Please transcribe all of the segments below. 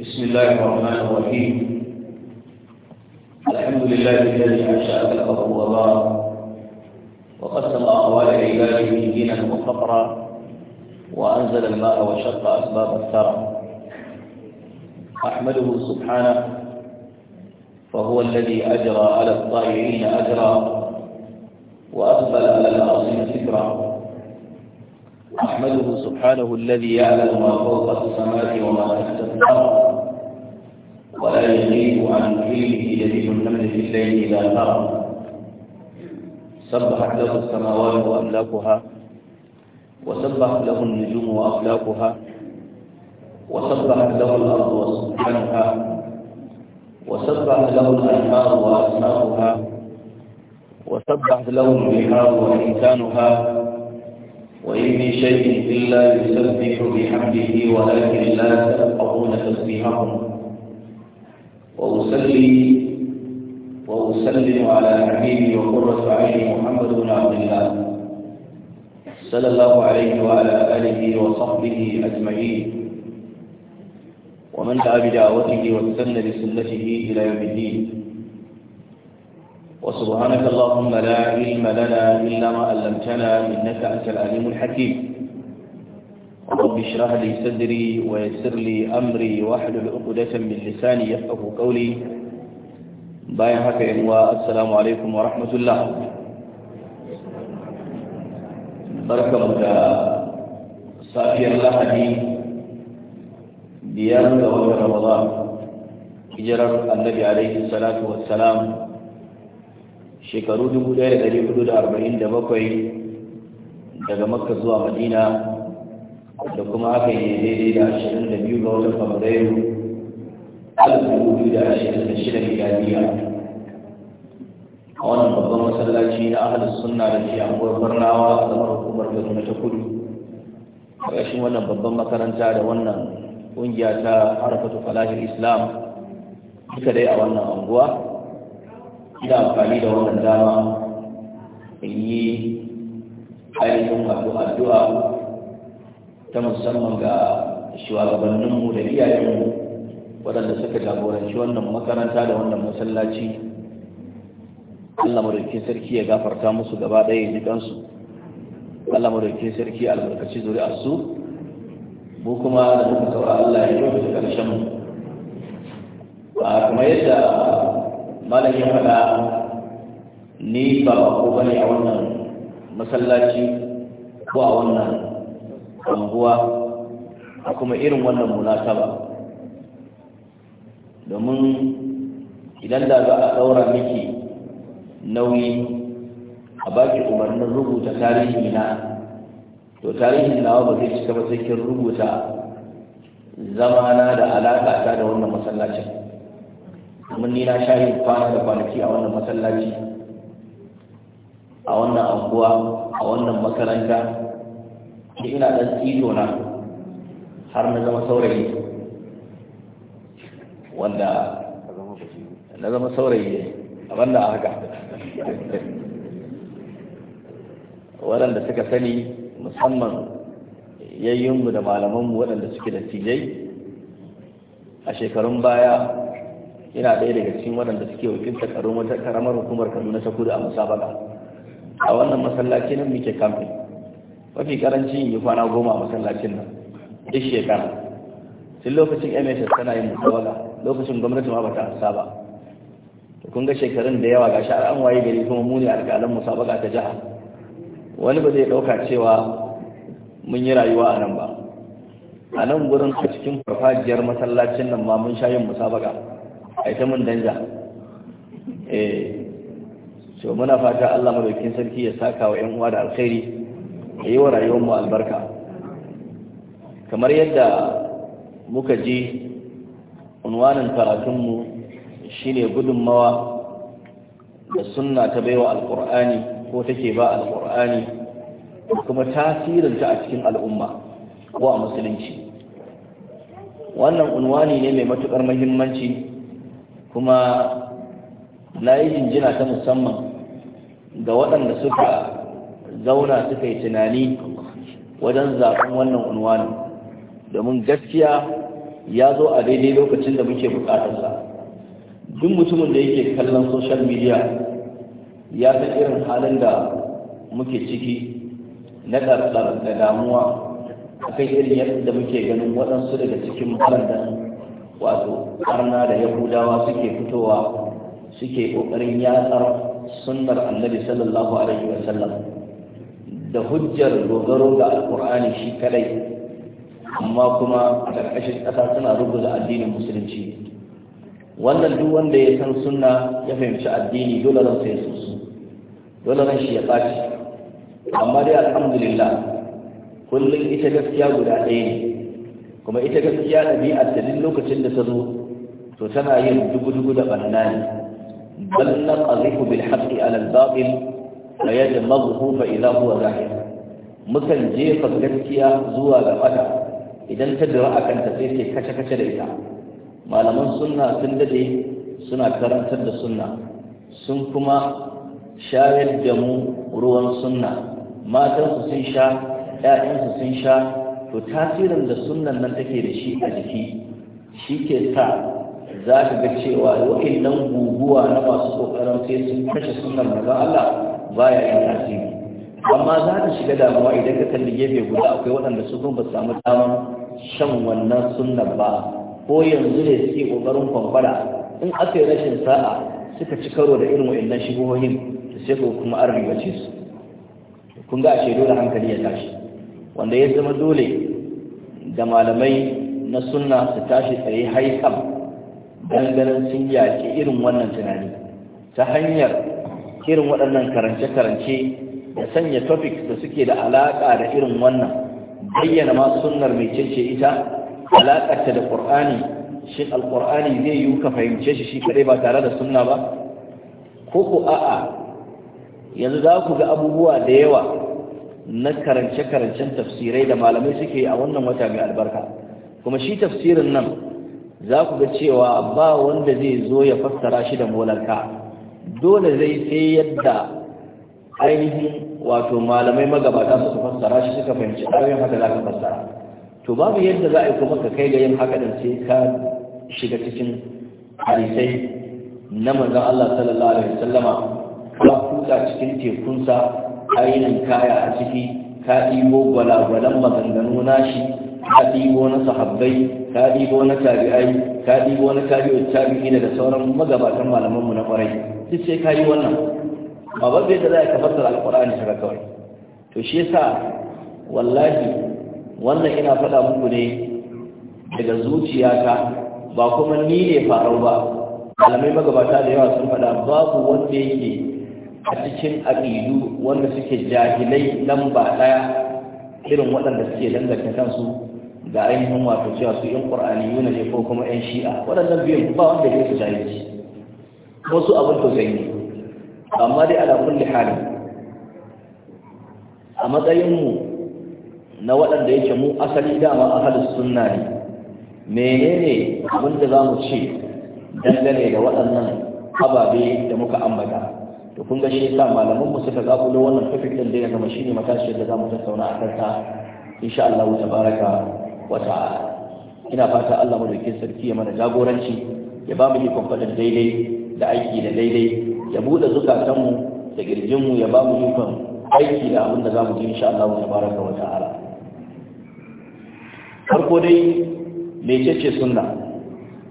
بسم الله الرحمن الرحيم الحمد لله الذي انشا الأرض والله وقسم اقوال عباده دينا وفقرا وانزل الماء وشق اسباب الثرى احمده سبحانه فهو الذي اجرى على الطائعين اجرا واقبل على العاصمه فكره أحمده سبحانه الذي يعلم ما فوق السماء وما تحت الأرض ولا يغيب عن علمه يزيد النمل في الليل إلى نار سبحت له السماوات وأملاكها وسبحت له النجوم وأفلاكها وسبحت له الأرض وسبحانها وسبحت له الأنهار وأسماؤها وسبحت له البحار وإنسانها وإن من شيء إلا يسبح بحمده ولكن لا تفقهون تسبيحهم وأصلي وأسلم على حبيبي وقرة عيني محمد بن عبد الله صلى الله عليه وعلى آله وصحبه أجمعين ومن دعا بدعوته واستنى بسنته إلى يوم الدين وسبحانك اللهم لا علم لنا إلا ما علمتنا إنك أنت العليم الحكيم رب اشرح لي صدري ويسر لي أمري واحلل عقدة من لساني يفقه قولي باين هكا والسلام عليكم ورحمة الله بركة فيك. صافي الله دي ديار رمضان هجرة النبي عليه الصلاة والسلام shekaru 1447 daga makka zuwa madina da kuma aka yi daidai da 22 ga watan fabrairu 2026 miliyariya a wannan babban masallaci na ahal sunna da ke anguwar barnawa a zama hukumar gano ta kudu ƙarshen wannan babban makaranta da wannan ƙungiya ta harafatu falahir islam duka dai a wannan anguwa ina amfani da wannan dama in yi ainihin wato addu'a ta musamman ga shugabanninmu da iyayenmu waɗanda suka jagoranci wannan makaranta da wannan masallaci Allah madaukakin sarki ya gafarta musu gaba ɗaya dukansu Allah madaukakin sarki albarkaci zuri'arsu mu kuma da muka saura Allah ya yi wa karshen mu ba kuma yadda malamin ya faɗa ni ba ko bane a wannan masallaci ko a wannan anguwa a kuma irin wannan munasaba domin idan da za a ɗaura miki nauyi a baki umarnin rubuta tarihi na to tarihi nawa ba zai cika ba sai kin rubuta zamana da alaƙa ta da wannan masallacin kuma ni na sha yin kwana da kwanaki a wannan masallaci a wannan anguwa a wannan makaranta da ina ɗan tsito na har na zama saurayi wanda na zama saurayi a banda a haka waɗanda suka sani musamman yayyunmu da malamanmu waɗanda suke da tijai a shekarun baya yana ɗaya daga cikin waɗanda suke wakilta karamar hukumar kaduna ta kudu a musabaka a wannan masallacin nan muke kamfe mafi karanci yi kwana goma a masallacin nan duk shekara tun lokacin mss tana yin musabaka lokacin gwamnati ma bata hasa ba kun ga shekarun da yawa gashi an waye gari kuma muni a alƙalan musabaka ta jiha wani ba zai ɗauka cewa mun yi rayuwa a nan ba a nan gurin a cikin farfajiyar masallacin nan ma mun sha yin musabaka A ita mun danja eh to muna fata Allah madaukin sarki ya saka wa 'yan uwa da alkhairi yi wa rayuwar mu albarka kamar yadda muka ji unwanin karatunmu shine gudunmawa da sunna ta baiwa alkur'ani ko take ba alkur'ani kuma tasirinta a cikin al'umma ko a musulunci wannan unwani ne mai matukar mahimmanci kuma na yi jinjina ta musamman ga waɗanda suka zauna suka yi tunani wajen zaɓen wannan unwani domin gaskiya ya zo a daidai lokacin da muke buƙatarsa duk mutumin da yake kallon social media ya san irin halin da muke ciki na ɗarɗar da damuwa a akan irin yadda muke ganin waɗansu daga cikin barandan wato arna da yahudawa suke fitowa suke ƙoƙarin yatsar sunnar annabi sallallahu alaihi wasallam da hujjar dogaro ga alkur'ani shi kadai amma kuma a ƙarƙashin ƙasa suna rubuta addinin musulunci wannan duk wanda ya san sunna ya fahimci addini dole ran sai su dole ran shi ya ɓaci amma dai alhamdulillah kullum ita gaskiya guda ɗaya ne kuma ita gaskiya ɗabi'ar ta duk lokacin da ta zo to tana yin dugudugu da ɓarna ne bal na bil haqqi ala al-batil fa yadmaghu fa idha huwa zahir mukan jefa gaskiya zuwa ga idan ta dira akan ta sai kace-kace da ita malaman sunna sun dade suna karantar da sunna sun kuma shayar da mu ruwan sunna su sun sha 'ya'yansu sun sha to tasirin da sunnan nan take da shi a jiki shi ke sa za ka ga cewa nan guguwa na masu kokarin sai sun kashe sunan manzon Allah baya yin tasiri amma za ka shiga damuwa idan ka kalli gefe guda akwai waɗanda su kuma ba samu damar shan wannan sunan ba ko yanzu ne suke kokarin kwamfada in aka yi rashin sa'a suka ci karo da irin shigohin shigohohin sai ko kuma an ce su kun ga ashe dole hankali ya tashi wanda ya zama dole da malamai na sunna su tashi tsaye haikam don ganin sun yaƙi irin wannan tunani ta hanyar irin waɗannan karance-karance da sanya topic da suke da alaƙa da irin wannan bayyana ma sunnar mai cece ita alaƙarta da ƙur'ani shi alƙur'ani zai yi ka fahimce shi shi kaɗai ba tare da sunna ba ko ku a'a yanzu za ku ga abubuwa da yawa na karance-karancen tafsirai da malamai suke a wannan wata mai albarka kuma shi tafsirin nan za ku ga cewa ba wanda zai zo ya fassara shi da molarka dole zai sai yadda ainihin wato malamai magabata su fassara shi suka fahimci ayoyin haka za ka fassara to babu yadda za a yi kuma ka kai ga yin haka din sai ka shiga cikin hadisai na manzon Allah sallallahu alaihi wasallama ka kuka cikin tekunsa ainihin kaya a ciki ka ɗibo gwalagwalan maganganu nashi ka ɗibo na sahabbai ka ɗibo na tabi'ai ka ɗibo na tabi'ut tabi'ina da sauran magabatan malamanmu na kwarai duk sai ka yi wannan ba ba zai da za ka fassara alƙur'ani haka kawai to shi yasa wallahi wannan ina faɗa muku ne daga zuciyata ba kuma ni ne farau ba malamai magabata da yawa sun faɗa babu wanda yake a cikin aƙidu wanda suke jahilai lamba ɗaya irin waɗanda suke danganta kansu ga ainihin wato cewa su yin ƙur'ani yuna ne ko kuma yan shi'a waɗannan biyan ba wanda ya su jahilci ko su abin tausayi ne amma dai ala kulli halin a matsayinmu na waɗanda yake mu asali dama ahalus sunna ne menene abin da za mu ce dangane da waɗannan ababe da muka ambata to kun ga shi yasa malaman mu suka zakulo wannan topic din da ya gama shine matashiyar da zamu tattauna a kanta insha Allah baraka wa ta'ala ina fata Allah madaukakin sarki ya mana jagoranci ya ba mu ikon fadin daidai da aiki da daidai ya bude zukatanmu da girjinmu ya ba mu ikon aiki da abin da zamu ji insha Allah tabaraka wa ta'ala farko dai mecece sunna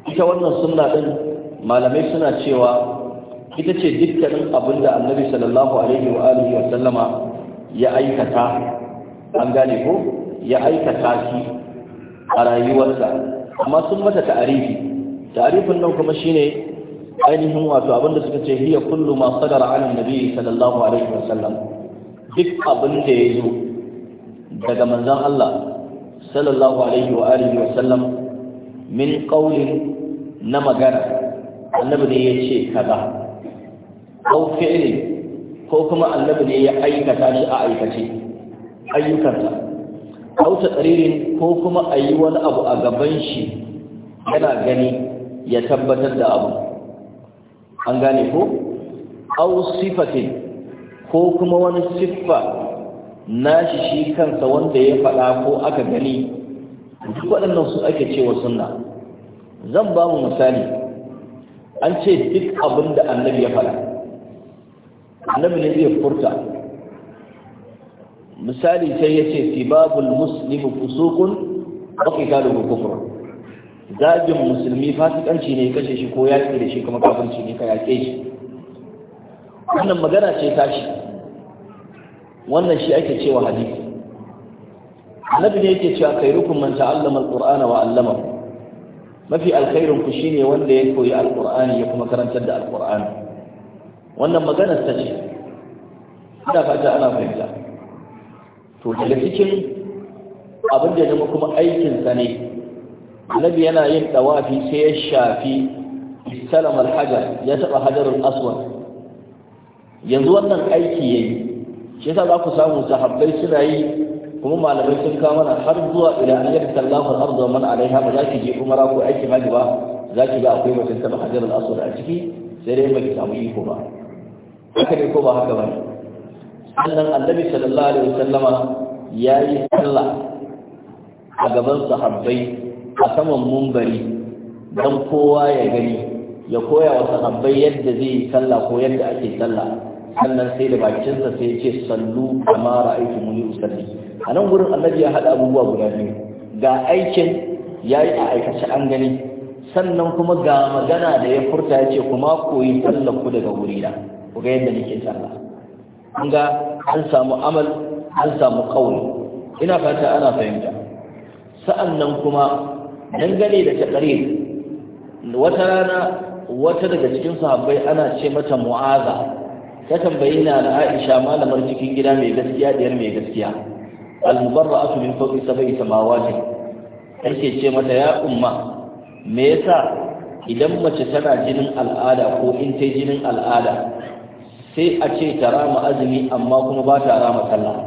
ita wannan sunna din malamai suna cewa ita ce dukkanin abin da annabi sallallahu alaihi wa alihi wa sallama ya aikata an gane ko ya aikata shi a rayuwarsa amma sun mata ta'arifi ta'arifin nan kuma shine ainihin wato abin da suka ce hiya kullu ma sadara an annabi sallallahu alaihi wa sallam duk abin da ya zo daga manzon Allah sallallahu alaihi wa alihi wa sallam min qawlin na magana annabi ne ya ce kaza Ɗauke ne ko kuma annabi ne ya aikata shi a aikace ayyukansa aw taqririn ko kuma a yi wani abu a gaban shi yana gani ya tabbatar da abu an gane ko aw sifatin ko kuma wani siffa nashi shi kansa wanda ya faɗa ko aka gani duk waɗannan su ake cewa sunna zan ba mu misali an ce duk abin da annabi ya faɗa annabi ne zai furta misali sai ya ce tibabul muslimu fusukun wa qitaluhu kufr zagin musulmi fasikanci ne kashe shi ko yaki da shi kuma kafirci ne ka yake shi wannan magana ce ta shi. wannan shi ake cewa hadisi annabi ne yake cewa khairukum man ta'allama alqur'ana wa Allama. mafi alkhairun ku shine wanda ya koyi alqur'ani ya kuma karantar da alqur'ani wannan maganar ta ce ina fata ana fahimta to daga cikin abin da zama kuma aikinsa ne annabi yana yin dawafi sai ya shafi salam alhajar ya taba hajarul aswad yanzu wannan aiki yayi shi yasa za ku samu sahabbai suna yi kuma malamai sun kawo mana har zuwa ila an yadda sallahu al man alaiha ba za ki je umara ko aiki haji ba za ki ga akwai mutum taba hajarul aswad a ciki sai dai ba ki samu iko ba haka ne ko ba haka ba sannan annabi sallallahu alaihi wasallama ya yi sallah a gaban sahabbai a saman mumbari don kowa ya gani ya koya wa sahabbai yadda zai yi sallah ko yadda ake sallah sannan sai da bakinsa sai ya ce sallu kama ra'aytu muni usalli a nan gurin annabi ya haɗa abubuwa guda biyu ga aikin ya yi a aikace an gani sannan kuma ga magana da ya furta ya ce kuma koyi sallah ku daga wurina ku ga yadda nake sallah kun ga an samu amal an samu kauli ina fata ana fahimta sa'annan kuma dangane da taqrir wata rana wata daga cikin sahabbai ana ce mata mu'aza ta tambayi na Aisha malamar cikin gida mai gaskiya diyar mai gaskiya al-mubarra'atu min fawqi sab'i samawati take ce mata ya umma me yasa idan mace tana jinin al'ada ko in ta jinin al'ada sai a ce ta rama azumi amma kuma ba ta rama sallah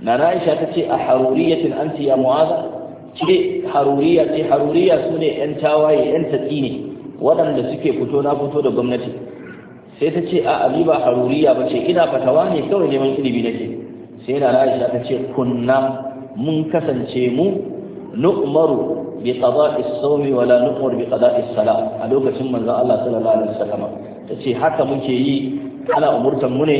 na Aisha ta ce a haruriyatin anti ya mu'aza ce haruriya ce haruriya su ne yan tawaye yan tatsi ne waɗanda suke fito na fito da gwamnati sai ta ce a abi ba haruriya ba ce ina fatawa ne kawai neman ilimi nake sai na Aisha ta ce kunna mun kasance mu nu'maru bi qada'i isaumi sawmi wa la nu'mar bi qada'i isala. a lokacin manzon Allah sallallahu alaihi wasallam tace haka muke yi ana umurtan mu ne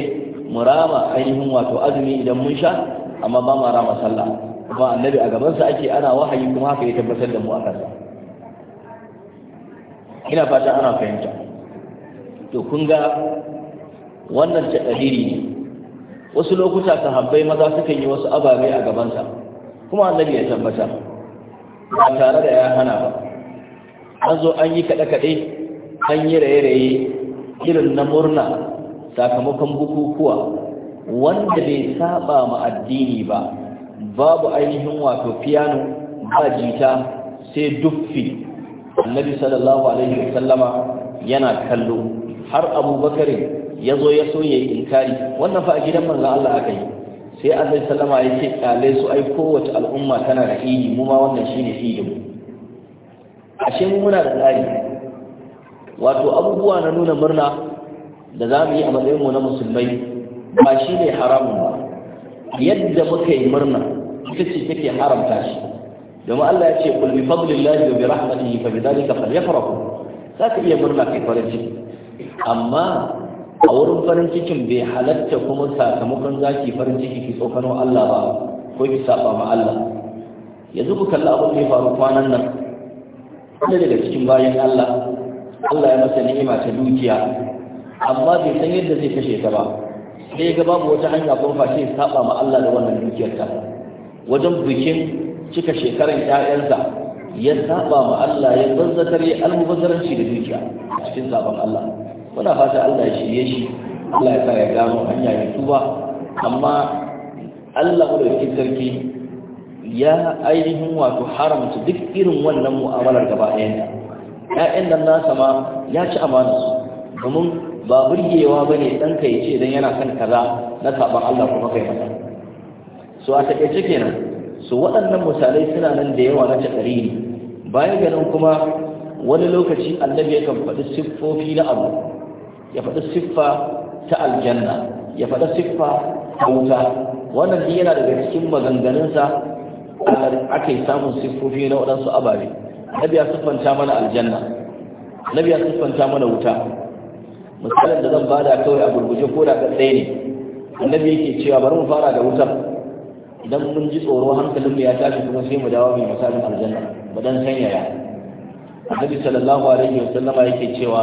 mu rama ainihin wato azumi idan mun sha amma ba mu rama sallah kuma annabi a gabansa ake ana wahayi kuma haka ya tabbatar da mu a kansa ina fata ana fahimta to kun ga wannan takadiri ne wasu lokuta sahabbai maza sukan yi wasu ababe a gabansa kuma annabi ya tabbata ba tare da ya hana ba an zo an yi kaɗe-kaɗe an yi raye-raye irin na murna sakamakon bukukuwa wanda bai saba ma addini ba babu ainihin wato piano ba jita sai duffi annabi sallallahu alaihi wasallama yana kallo har abubakar ya zo ya so ya yi inkari wannan fa a gidan manzan Allah aka yi sai Allah sallama ya ce kale su ai kowace al'umma tana da idi mu ma wannan shine mu. ashe mu muna da tsari wato abubuwa na nuna murna da za mu yi a matsayinmu na musulmai ba shi ne haramun ba yadda muka yi murna ita ce take haramta shi domin Allah ya ce kul bi fadlillahi wa bi rahmatihi fa bidhalika falyafrahu za ka iya murna kai farin ciki amma a wurin farin cikin bai halatta kuma sakamakon zaki farin ciki ki tsokano Allah ba ko ki saba ma Allah yanzu ku kalla abin da ya faru kwanan nan wanda daga cikin bayan Allah Allah ya masa ni'ima ta dukiya amma bai san yadda zai kashe ta ba sai ga babu wata hanya ko fashe ya saba ma Allah da wannan dukiyar ta wajen bikin cika shekaran ƴaƴansa ya saba ma Allah ya banzatar ya almubazzaranci da dukiya a cikin sabon Allah muna fata Allah ya shirye shi Allah ya sa ya gano hanya ya tuba amma Allah madaukakin sarki ya ainihin wato haramta duk irin wannan mu'amalar gaba ɗayan ƴaƴan nan nasa ma ya ci amana su domin ba burgewa ba ne ɗanka ya ce don yana son kaza na saɓon Allah kuma kai masa su a taƙaice kenan su waɗannan misalai suna nan da yawa na taƙari bayan ganin kuma wani lokaci annabi kan faɗi siffofi na abu ya faɗi siffa ta aljanna ya faɗi siffa ta wuta wannan duk yana daga cikin maganganunsa aka yi samun siffofi na waɗansu ababe nabi ya siffanta mana aljanna nabi ya siffanta mana wuta misalin da zan bada kawai a gurguje ko da ɗaya ne annabi yake cewa bari mu fara da wutar idan mun ji tsoro hankalinmu ya tashi kuma sai mu dawo mai misalin aljanna ba dan sanyaya annabi sallallahu alaihi wasallama yake cewa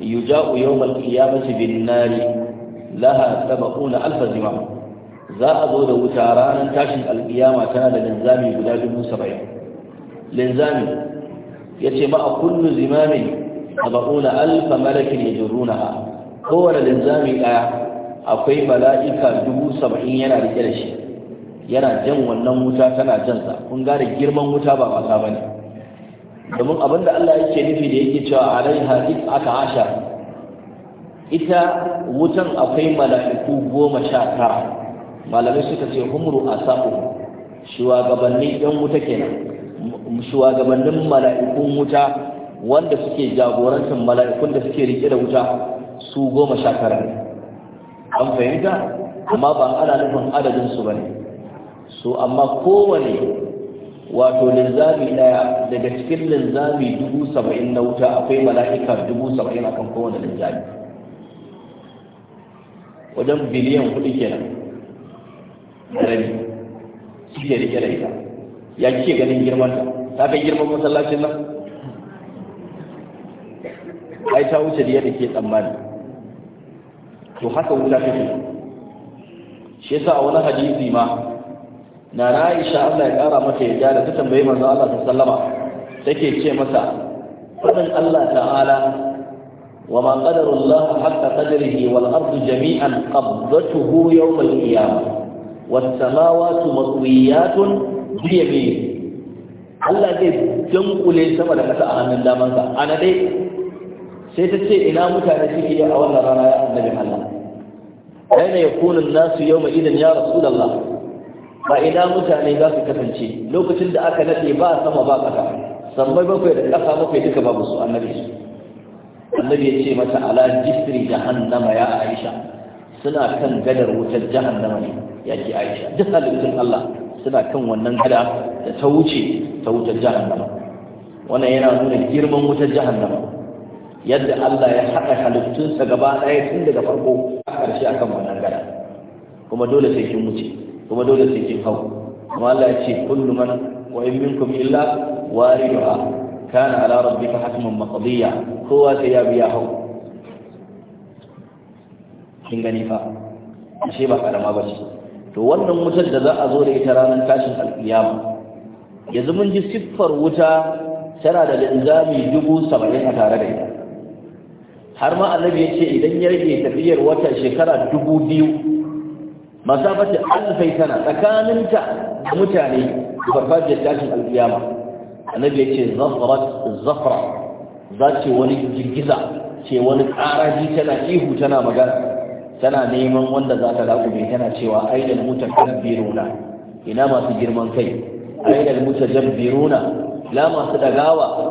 yuja'u yawmal qiyamati bin nari laha sab'una alf zimam za a zo da wuta ranar tashin al'iyama tana da linzami guda dubu saba'in linzami ya ce a kullu zimamin saba'una alfa malakin yajurunaha kowane linzami daya akwai mala'ika dubu saba'in yana rike da shi yana jan wannan wuta tana jansa kun gane girman wuta ba wasa ba ne domin abin da Allah yake nufi da yake cewa a alaiha duk aka asha ita wutan akwai mala'iku goma sha tara malamai suka ce humru a samu shugabannin yan wuta kenan shugabannin mala'ikun wuta wanda suke jagorantar mala'ikun da suke rike da wuta su goma sha tara ne an fahimta amma ba ana nufin adadin su bane so amma kowane wato linzami daya daga cikin linzami dubu saba'in na wuta akwai mala'ika dubu saba'in akan kowane linzami wajen biliyan kuɗi kenan ƙarami suke rike da ita ya kike ganin girman ta ta kai girman masallacin nan ai ta wuce da yadda ke tsammani to haka ta take shi yasa a wani hadisi ma na Aisha Allah ya kara mata ya da ta tambaye manzo Allah ta sallama take ce masa fadin Allah ta'ala wa ma qadara Allah hatta qadrihi wal ardu jami'an qabdatuhu yawm al-qiyamah was samawati matwiyatun bi Allah zai dunkule sama da kasa a hannun damansa ana dai sai ta ce ina mutane suke yi a wannan rana ya annabi Allah aina kunan nasu yau mai idan ya rasu Allah ba ina mutane za su kasance lokacin da aka nade ba sama ba kasa sammai bakwai da kasa bakwai duka babu su annabi su annabi ya ce mata ala jisri jahannama ya aisha suna kan gadar wutar jahannama ne ya ke aisha duk halittun Allah suna kan wannan gada da ta wuce ta wutar jahannama wannan yana nuna girman wutar jahannama yadda Allah ya haɗa halittunsa gaba ɗaya tun daga farko a ƙarshe a kan wannan gara kuma dole sai kin wuce kuma dole sai kin hau kuma Allah ya ce kullu man wa in minkum illa wariha kana ala rabbika hatman maqdiya kowa sai ya biya hau kin gani fa ashe ba karama ba ce to wannan wutar da za a zo da ita ranar tashin alƙiyama yanzu mun ji siffar wuta tana da linzami dubu saba'in a tare da ita har ma annabi yace idan ya rage tafiyar wata shekara dubu biyu masafati alfai sana tsakaninta da mutane farfajiyar tashin alkiyama annabi yace ce zafarat zafra za ce wani girgiza ce wani karaji tana ihu tana magana tana neman wanda za ta tana cewa aidan mutakabbiruna ina masu girman kai aidan mutajabbiruna la masu dagawa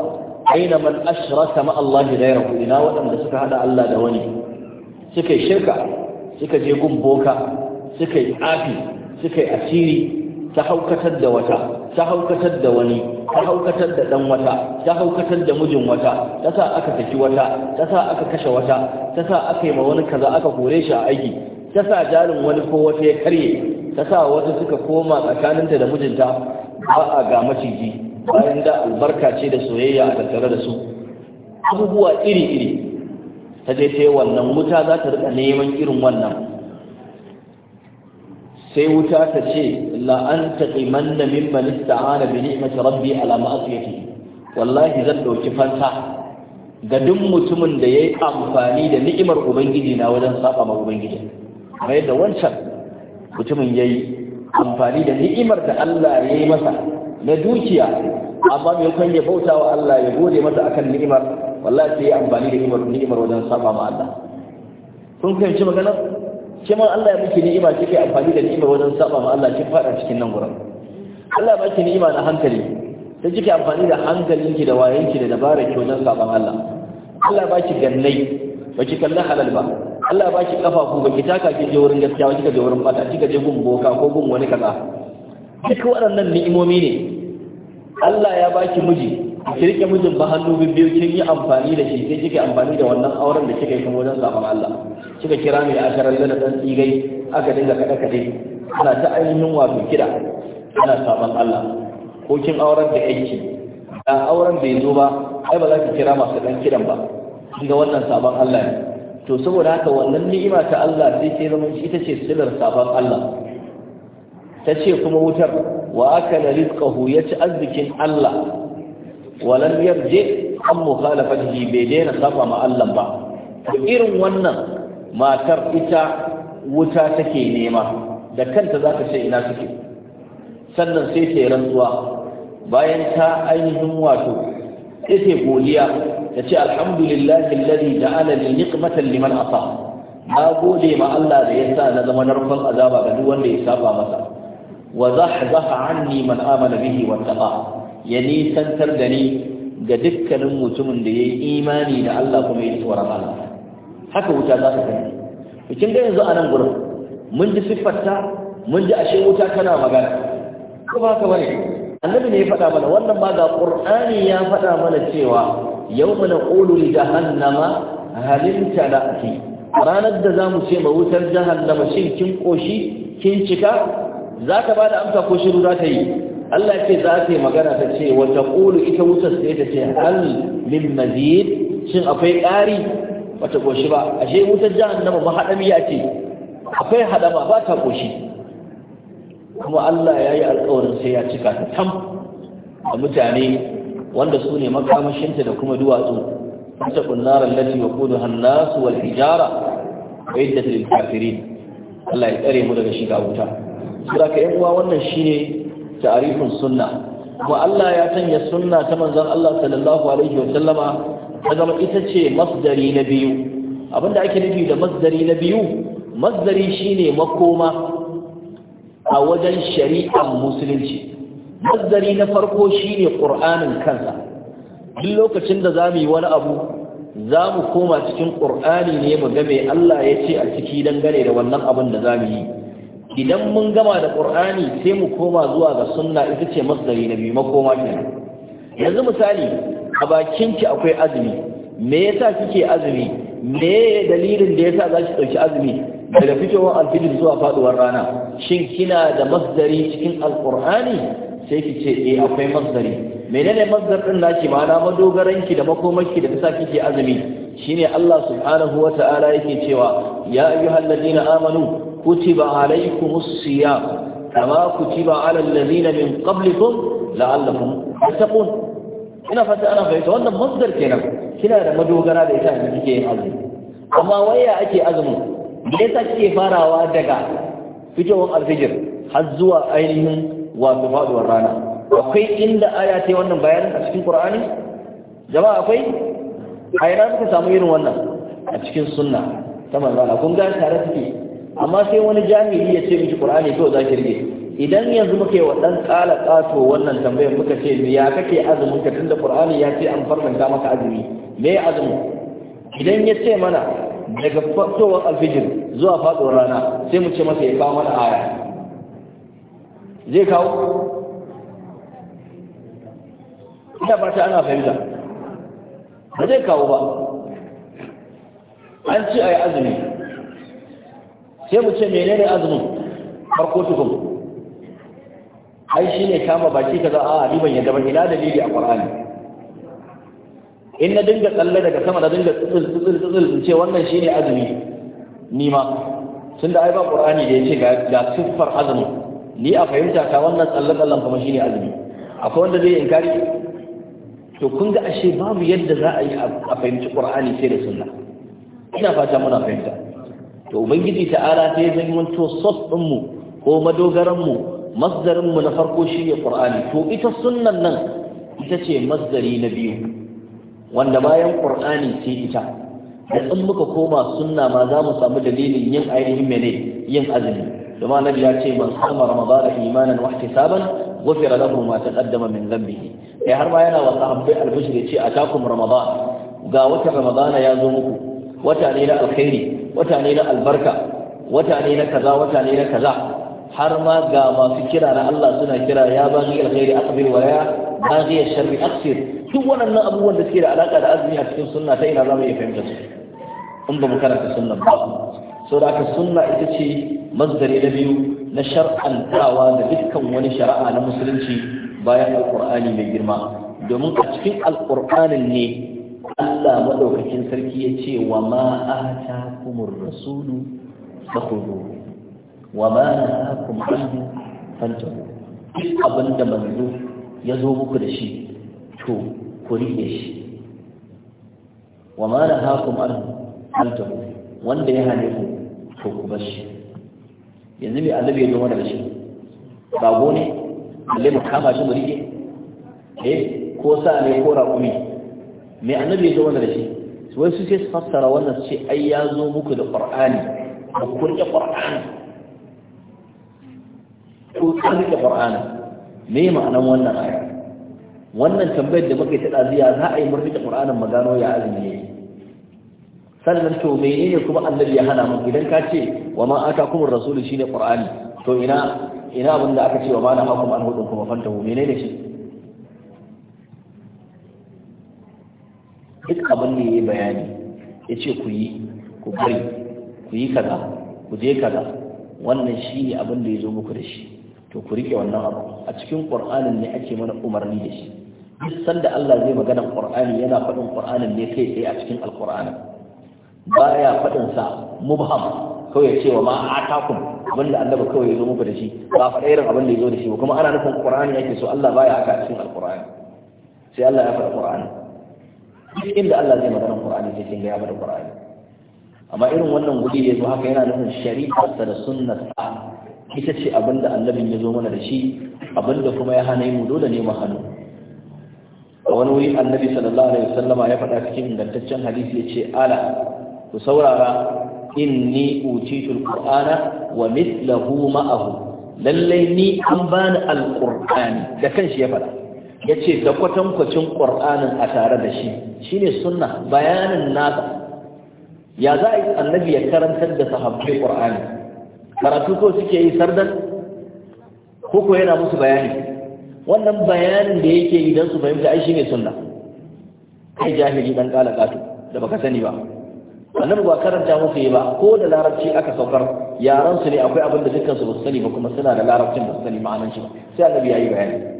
aina man ashraka ma Allah ghayrahu ina waɗanda suka hada Allah da wani suka yi shirka suka je gun suka yi afi suka yi asiri ta haukatar da wata ta haukatar da wani ta haukatar da dan wata ta haukatar da mijin wata ta sa aka saki wata ta sa aka kashe wata ta sa aka yi ma wani kaza aka kore shi a aiki ta sa jarin wani ko wata ya karye ta sa wata suka koma tsakaninta da mijinta ba a ga maciji bayan da albarka ce da soyayya a tattare da su abubuwa iri-iri ta je ta yi wannan wuta za ta rika neman irin wannan sai wuta ta ce la'an ta iman na min manista bi ni'imata rabbi ala ma'asiyati wallahi zan ɗauki fansa ga duk mutumin da ya yi amfani da ni'imar ubangiji na wajen saba ma ubangiji kamar yadda wancan mutumin ya yi amfani da ni'imar da Allah ya yi masa na dukiya amma mai kwan ya bauta wa Allah ya gode masa akan ni'imar wallahi sai ya amfani da ni'imar ni'imar wajen saba ma Allah kun fahimci magana shi ma Allah ya miki ni'ima kike amfani da ni'imar wajen saba ma Allah kin fada cikin nan gurin Allah ya baki ni'ima na hankali sai kike amfani da hankalinki da wayanki da dabararki wajen saba Allah Allah ya baki gannai baki kalla halal ba Allah ya baki kafafu baki taka ki je wurin gaskiya baki ka je wurin fata kika je gun boka ko gun wani kaza duk waɗannan ni'imomi ne Allah ya baki miji ki rike mijin ba hannu biyu kin yi amfani da shi sai kike amfani da wannan auren da kika yi kuma wajen zaman Allah kika kira mai akaran da dan tsigai aka dinga kada kade ana ta ainihin wato kira ana sabon Allah ko kin auren da yake da auren bai zo ba ai ba za ki kira masu dan kidan ba kinga wannan sabon Allah ne to saboda haka wannan ni'ima ta Allah sai sai zama ita ce silar sabon Allah ta ce kuma wutar wa aka na ya ci arzikin Allah walan yarje an mukhalafatihi bai daina saba ma Allah ba irin wannan matar ita wuta take nema da kanta za ta ce ina suke sannan sai ta rantsuwa bayan ta ainihin wato ita godiya ta ce alhamdulillahi alladhi ja'ala li niqmatan liman asa na gode ma Allah da ya sa na zama narkon azaba ga duk wanda ya saba masa wa zahzaha anni man amana bihi wattaqa ya nisantar da ni ga dukkanin mutumin da yayi imani da Allah kuma yayi tsoron Allah haka wuta za ta kai kin ga yanzu a nan gurin mun ji siffarta mun ji ashe wuta tana magana ko ba ka bane annabi ne ya faɗa mana wannan ba ga qur'ani ya faɗa mana cewa yawma naqulu li jahannama hal talati ranar da zamu ce ma wutar jahannama shin kin koshi kin cika za ka ba da amsa ko shiru za yi Allah ce za ta yi magana ta ce wata ƙulu ita wutar sai ta ce hal min mazid shin akwai ƙari bata ƙoshi ba ashe wutar jihar jahannama mahaɗamiya ce akwai haɗama ba ta ƙoshi kuma Allah ya yi alƙawarin sai ya cika ta tam a mutane wanda su ne makamashinta da kuma duwatsu ta ƙunnarar lati wa ƙudu hannasu wal hijara wa yadda ta kafirin Allah ya tsare mu daga shiga wuta saboda yan uwa wannan shine tarihin sunna kuma Allah ya sanya sunna ta manzon Allah sallallahu alaihi wa sallama ta zama ita ce masdari na biyu abinda ake nufi da masdari na biyu masdari shine makoma a wajen shari'ar musulunci masdari na farko shine ƙur'anin kansa duk lokacin da mu yi wani abu zamu koma cikin ƙur'ani ne mu game Allah ya ce a ciki dangane da wannan abin da zamu yi idan mun gama da qur'ani sai mu koma zuwa ga sunna ita ce masdari na biyu makoma ke yanzu misali a bakin ki akwai azumi me yasa kike azumi me dalilin da yasa za ki ɗauki azumi daga fitowar alfijir zuwa faduwar rana shin kina da masdari cikin alqur'ani sai ki ce eh akwai masdari menene masdar din naki ma'ana ki da makomarki da yasa kike azumi shine Allah subhanahu wata'ala yake cewa ya ayyuhal ladina amanu كتب عليكم الصيام كما كتب على الذين من قبلكم لعلكم تتقون ina fata ana fahimta wannan masdar kenan kina da madogara da ita da kike azumi amma waya ake azumin me yasa kike farawa daga fitowar alfijir har zuwa ainihin wato faduwar rana akwai inda aya ta wannan bayanin a cikin qur'ani jama'a akwai a ina suka samu irin wannan a cikin sunna ta manzana kun ga tare suke amma sai wani jahili ya ce miki qur'ani to zaki rige idan yanzu muke wa dan tsala tsato wannan tambayar muka ce ya kake azumin ka tunda qur'ani ya ce an farkanta maka azumi me azumi idan ya ce mana daga fitowar alfijir zuwa faɗuwar rana sai mu ce masa ya ba mana aya zai kawo ina fata ana fahimta ba zai kawo ba an ce a yi azumi sai mu ce menene azumin farko tukun ai shine kama baki kaza a ni ban yadda ba ila dalili a qur'ani in na dinga tsalle daga sama na dinga tsitsil tsitsil tsitsil in ce wannan shine azumi ni ma tun da ai ba qur'ani da ya ce ga siffar azumi ni a fahimta ta wannan tsalle tsallen kuma shine azumi akwai wanda zai inkari to kun ga ashe babu yadda za a yi a fahimci qur'ani sai da sunna ina fata muna fahimta to ubangiji ta'ala sai ya zama to source mu ko madogaran mu masdarin mu na farko shirya ne qur'ani to ita sunnan nan ita ce masdari na biyu wanda bayan qur'ani sai ita da in muka koma sunna ma za mu samu dalilin yin ainihin mene yin azumi domin annabi ya ce man sama ramadana imanan wa ihtisaban غفر له ما تقدم min ذنبه eh har ma yana wasa sahabbai albishir ya ce atakum ramadan ga watan Ramadana ya zo muku wata ne na alkhairi wata ne na albarka wata ne na kaza wata ne na kaza har ma ga masu kira na Allah suna kira ya bani alkhairi akbir wa ya bani sharri aksir duk waɗannan abubuwan da suke da alaka da azumi a cikin sunna ta ina za mu iya fahimta su in ba mu karanta sunna ba so da aka sunna ita ce mazdare na biyu na shar'antawa da dukkan wani shari'a na musulunci bayan alqur'ani mai girma domin a cikin alqur'anin ne Allah madaukakin sarki ya ce wa ma ata kumur rasulu fakhudhu wa ma nahakum anhu fantahu duk abin da manzo ya zo muku da shi to ku rike shi wa ma nahakum anhu fantahu wanda ya hane ku to ku bar shi yanzu mai annabi ya zo mana da shi Ba ne balle mu kama shi mu riƙe? eh ko sa ne ko raƙumi Mai annabi ya zo mana da shi wai su sai su fassara wannan su ce ai ya zo muku da qur'ani ba ku rike qur'ani ku rike qur'ani me ma'anar wannan aya wannan tambayar da muka yi ta daziya za a yi mun rike qur'anin magano ya azumi ne sannan to menene kuma annabi ya hana mu idan ka ce wa ma atakumur rasulu shine qur'ani to ina ina abin da aka ce wa ma na hakum an hudun kuma fanta fantahu menene shi abin da ya bayani ya ce ku yi ku bari ku yi kaza ku je kaza wannan shi ne abin da zo muku da shi to ku rike wannan abu a cikin qur'anin ne ake mana umarni da shi duk sanda Allah zai magana qur'ani yana faɗin qur'anin ne kai tsaye a cikin ba baya faɗin sa mubham kawai ce wa ma atakum abin da Allah ba kawai ya zo muku da shi ba faɗa irin abin da ya zo da shi kuma ana nufin qur'ani yake so Allah baya haka a cikin alqur'ani sai Allah ya faɗa qur'ani duk inda Allah zai magana Qur'ani sai kin ga ya bada Qur'ani amma irin wannan guri yazo haka yana nufin shari'a da sunnar ita ce abinda annabin ya zo mana da shi abinda kuma ya hana mu dole ne mu hannu a wani wuri annabi sallallahu alaihi wasallama ya faɗa cikin ingantaccen hadisi ya ce ala ku saurara inni utitul qur'ana wa mithluhu ma'ahu lallai ni an bani alqur'ani da kanshi ya faɗa ya ce da kwatankwacin ƙwar'anin a tare da shi shi ne sunna bayanin nasa ya za a yi annabi ya karantar da sahabbai ƙwar'ani karatu ko suke yi sardan ko yana musu bayani wannan bayanin da yake yi don su fahimta ai shi ne sunna kai jahili dan kala katu da baka sani ba annabi ba karanta musu yi ba ko da larabci aka saukar yaran su ne akwai abin da dukkan su ba su sani ba kuma suna da larabcin ba su sani ma'anar shi ba sai annabi ya yi bayani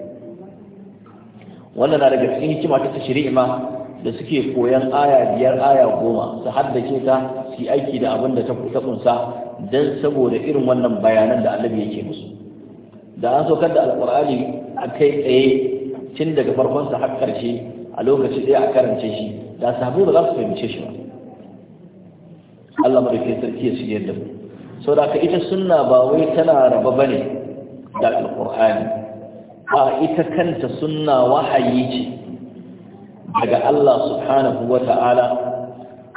wannan na daga cikin hikima ta tashri'i ma da suke koyan aya biyar aya goma su haddace ta su aiki da abin da ta kunsa don saboda irin wannan bayanan da annabi yake musu da an saukar da Alƙur'ani a kai tsaye tun daga farkon sa har karshe a lokaci ɗaya a karance shi da sabo da za su fahimce shi ba Allah madaukakin sarki ya shirye da mu saboda ka ita sunna ba wai tana raba bane da Alƙur'ani. a ita kanta sunna wahayi ce daga Allah subhanahu wa ta'ala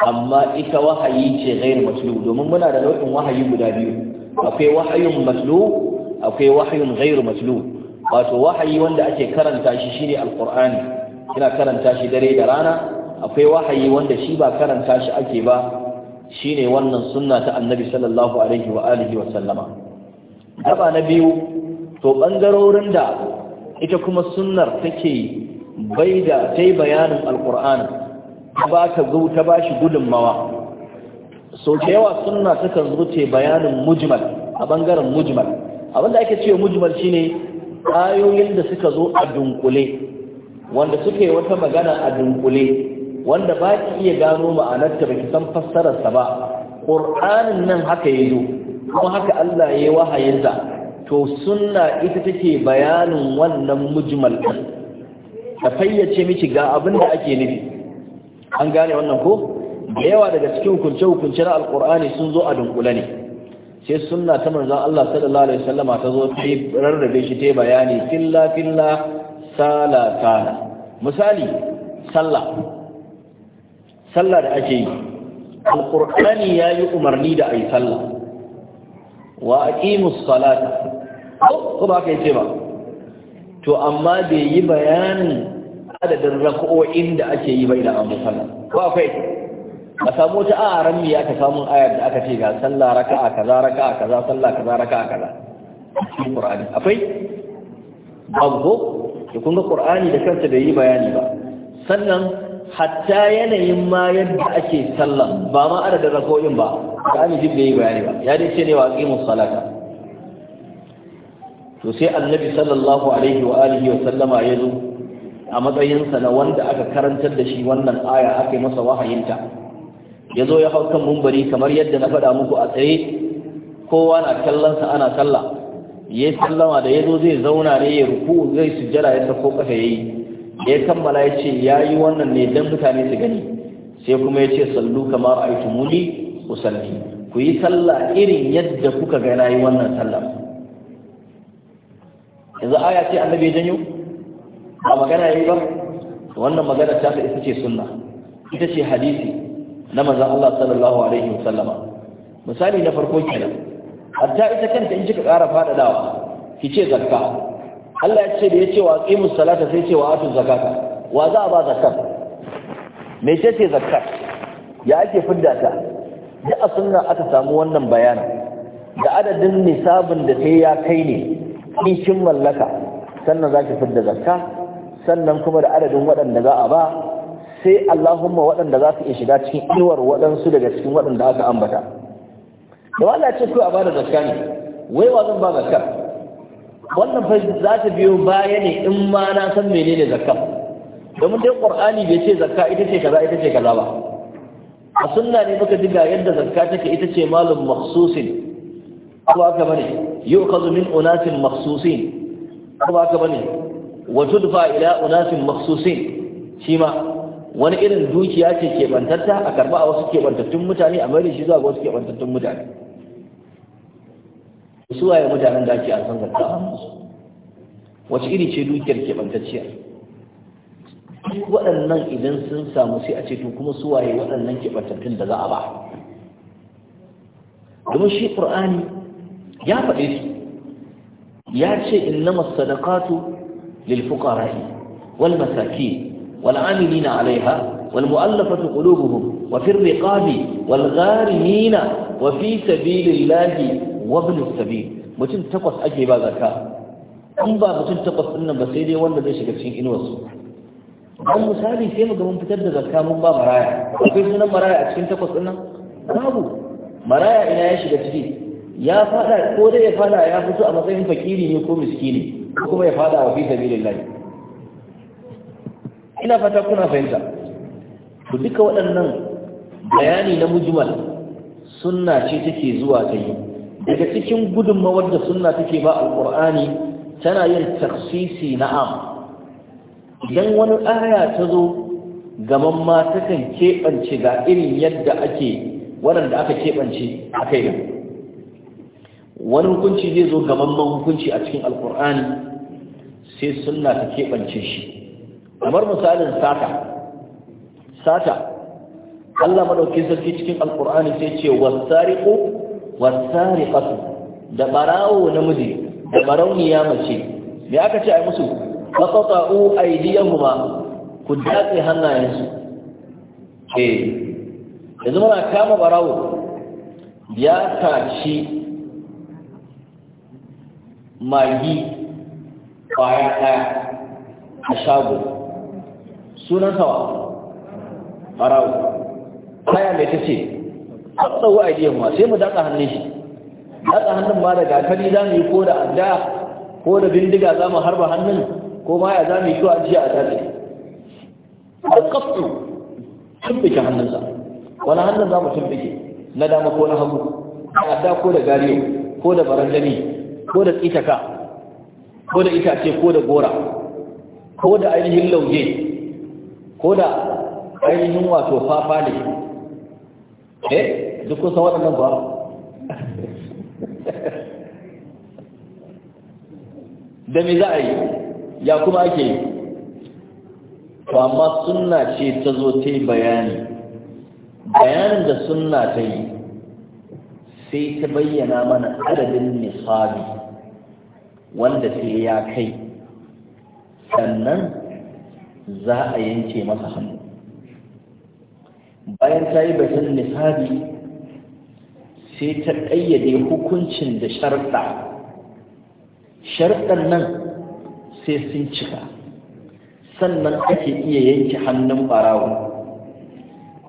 amma ita wahayi ce gairu matlu domin muna da nau'in wahayi guda biyu akwai wahayun matlu akwai wahayun gairu matlu wato wahayi wanda ake karanta shi shine alqur'ani kina karanta shi dare da rana akwai wahayi wanda shi ba karanta shi ake ba shine wannan sunna ta annabi sallallahu alaihi wa alihi wa sallama gaba na biyu to ɓangarorin da ita kuma sunnar take bai da ta yi bayanin alkur'ani ta ba ta zo ta ba shi gudunmawa so da yawa sunna ta kan zo ce bayanin mujmal a bangaren mujmal abinda ake cewa mujmal shine ayoyin da suka zo a dunkule wanda suka yi wata magana a dunkule wanda ba ki iya gano ma'anarta ba ki san fassararsa ba ƙur'anin nan haka ya zo kuma haka Allah ya yi wahayinsa to sunna ita take bayanin wannan mujmal ɗin ta fayyace miki ga abin da ake nufi an gane wannan ko da yawa daga cikin hukunce-hukunce na alkur'ani sun zo a dunkule ne sai sunna ta manzan Allah sallallahu alaihi wasallama ta zo ta rarrabe shi ta bayani filla filla sala misali sallah sallah da ake yi alkur'ani ya yi umarni da a yi sallah wa aqimus salata ko ba ka yi ce ba to amma bai yi bayanin adadin rako'o'in da ake yi bai da an sallah, ko akwai a samu wata a ran miya ka samun ayar da aka ce ga sallah a kaza a kaza sallah kaza a kaza cikin qur'ani akwai babu ko kun ga qur'ani da kansa bai yi bayani ba sannan hatta yanayin ma yadda ake sallah ba ma adadin rako'in ba ka an yi bai yi bayani ba ya dace ne wa aqimus salata to sai annabi sallallahu alaihi wa alihi wa sallama ya zo a matsayinsa na wanda aka karantar da shi wannan aya aka yi masa wahayinta ya zo ya hau kan mumbari kamar yadda na faɗa muku a tsaye kowa na kallonsa ana sallah ya yi sallama da ya zo zai zauna ne ya ruku zai sujjara ya sako ƙasa ya yi ya kammala ya ce ya yi wannan ne don mutane su gani sai kuma ya ce sallu kamar aitumuni ku salli ku yi sallah irin yadda kuka ga na yi wannan sallah yanzu aya ce annabi ya janyo ba magana yayi ba wannan magana ta ita ce sunna ita ce hadisi na manzon Allah sallallahu alaihi wasallama misali na farko kenan hatta ita kanta in kika ƙara fadadawa ki ce zakka Allah ya ce da ya ce wa aqimus salata sai ce wa atu zakata wa za a ba zakat me ce ce zakat ya ake fidda ta da a sunna aka samu wannan bayanin da adadin nisabin da sai ya kai ne kin mallaka sannan za ki fidda zakka sannan kuma da adadin waɗanda za a ba sai Allahumma waɗanda za su iya shiga cikin iwar waɗansu daga cikin waɗanda aka ambata da wala ce ko a ba da zakka ne wai wa zan ba zakka wannan fa za ta biyo baya ne in ma na san menene zakka domin dai qur'ani bai ce zakka ita ce kaza ita ce kaza ba a sunna ne muka diga yadda zakka take ita ce malum makhsusin ko aka bane yu'khadhu min unasin makhsusin ko aka bane wa tudfa ila unasin makhsusin shi wani irin dukiya ce ke bantarta a karba a wasu kebantattun mutane a mai shi zuwa ga wasu kebantattun mutane su waye mutanen da ake a san zakka wace iri ce dukiyar kebantacciya waɗannan idan sun samu sai a ce to kuma su waye waɗannan kebantattun da za a ba domin shi ƙur'ani ya faɗe su ya ce innama sadaqatu lil fuqara'i wal masakin wal amilina 'alayha wal mu'allafati qulubuhum wa fir riqabi wal gharimina wa fi sabilillahi wa ibn sabil mutum takwas ake ba zakka an ba mutum takwas din nan ba sai dai wanda zai shiga cikin inuwar su dan misali sai mu ga mun fitar da zakka mun ba maraya akwai sunan maraya a cikin takwas din nan babu maraya ina ya shiga ciki ya fada ko dai ya fada ya fito a matsayin fakiri ne ko miskini kuma ya fada wa fi sabilillah ina fata kuna fahimta Ku duka waɗannan bayani na mujmal sunna ce take zuwa ta yi daga cikin gudunmawar da sunna take ba alqur'ani tana yin taksisi na'am idan wani aya ta zo gaban ma takan keɓance ga irin yadda ake waɗanda aka keɓance a kai wani hukunci zai zo gamamman hukunci a cikin alkur'ani sai suna ta keɓance shi kamar misalin sata sata Allah madauki sarki cikin alkur'ani sai ce ko, wasariqu ƙasa!" da ɓarawo namiji da ɓarauniya mace me aka ce ai musu faqatu aydiyahuma ku datse hannayensu eh yanzu muna kama ɓarawo. ya tashi magi kwayar ɗaya a shago sunan sawa farawo kaya mai ta ce tsawo a idiyan ma sai mu daɗa hannun shi daɗa hannun ba da gatari za mu yi ko da adda ko da bindiga za mu harba hannun ko ma ya za mu yi a jiya a daɗe a kaftu tumbike hannunsa wani hannun za mu tumbike na dama ko na hagu a adda ko da gariyo ko da barangani ko da tsitaka ko da itace ko da gora ko da ainihin lauje ko da ainihin wato fafa ne eh duk kusa waɗannan ba da me za a yi ya kuma ake yi to amma suna ce ta zo ta yi bayani bayanin da suna ta yi sai ta bayyana mana adadin nisabi wanda sai ya kai sannan za a yanke masa hannu bayan ta yi batun nisabi sai ta ƙayyade hukuncin da sharɗa sharɗan nan sai sun cika sannan ake iya yanke hannun ɓarawo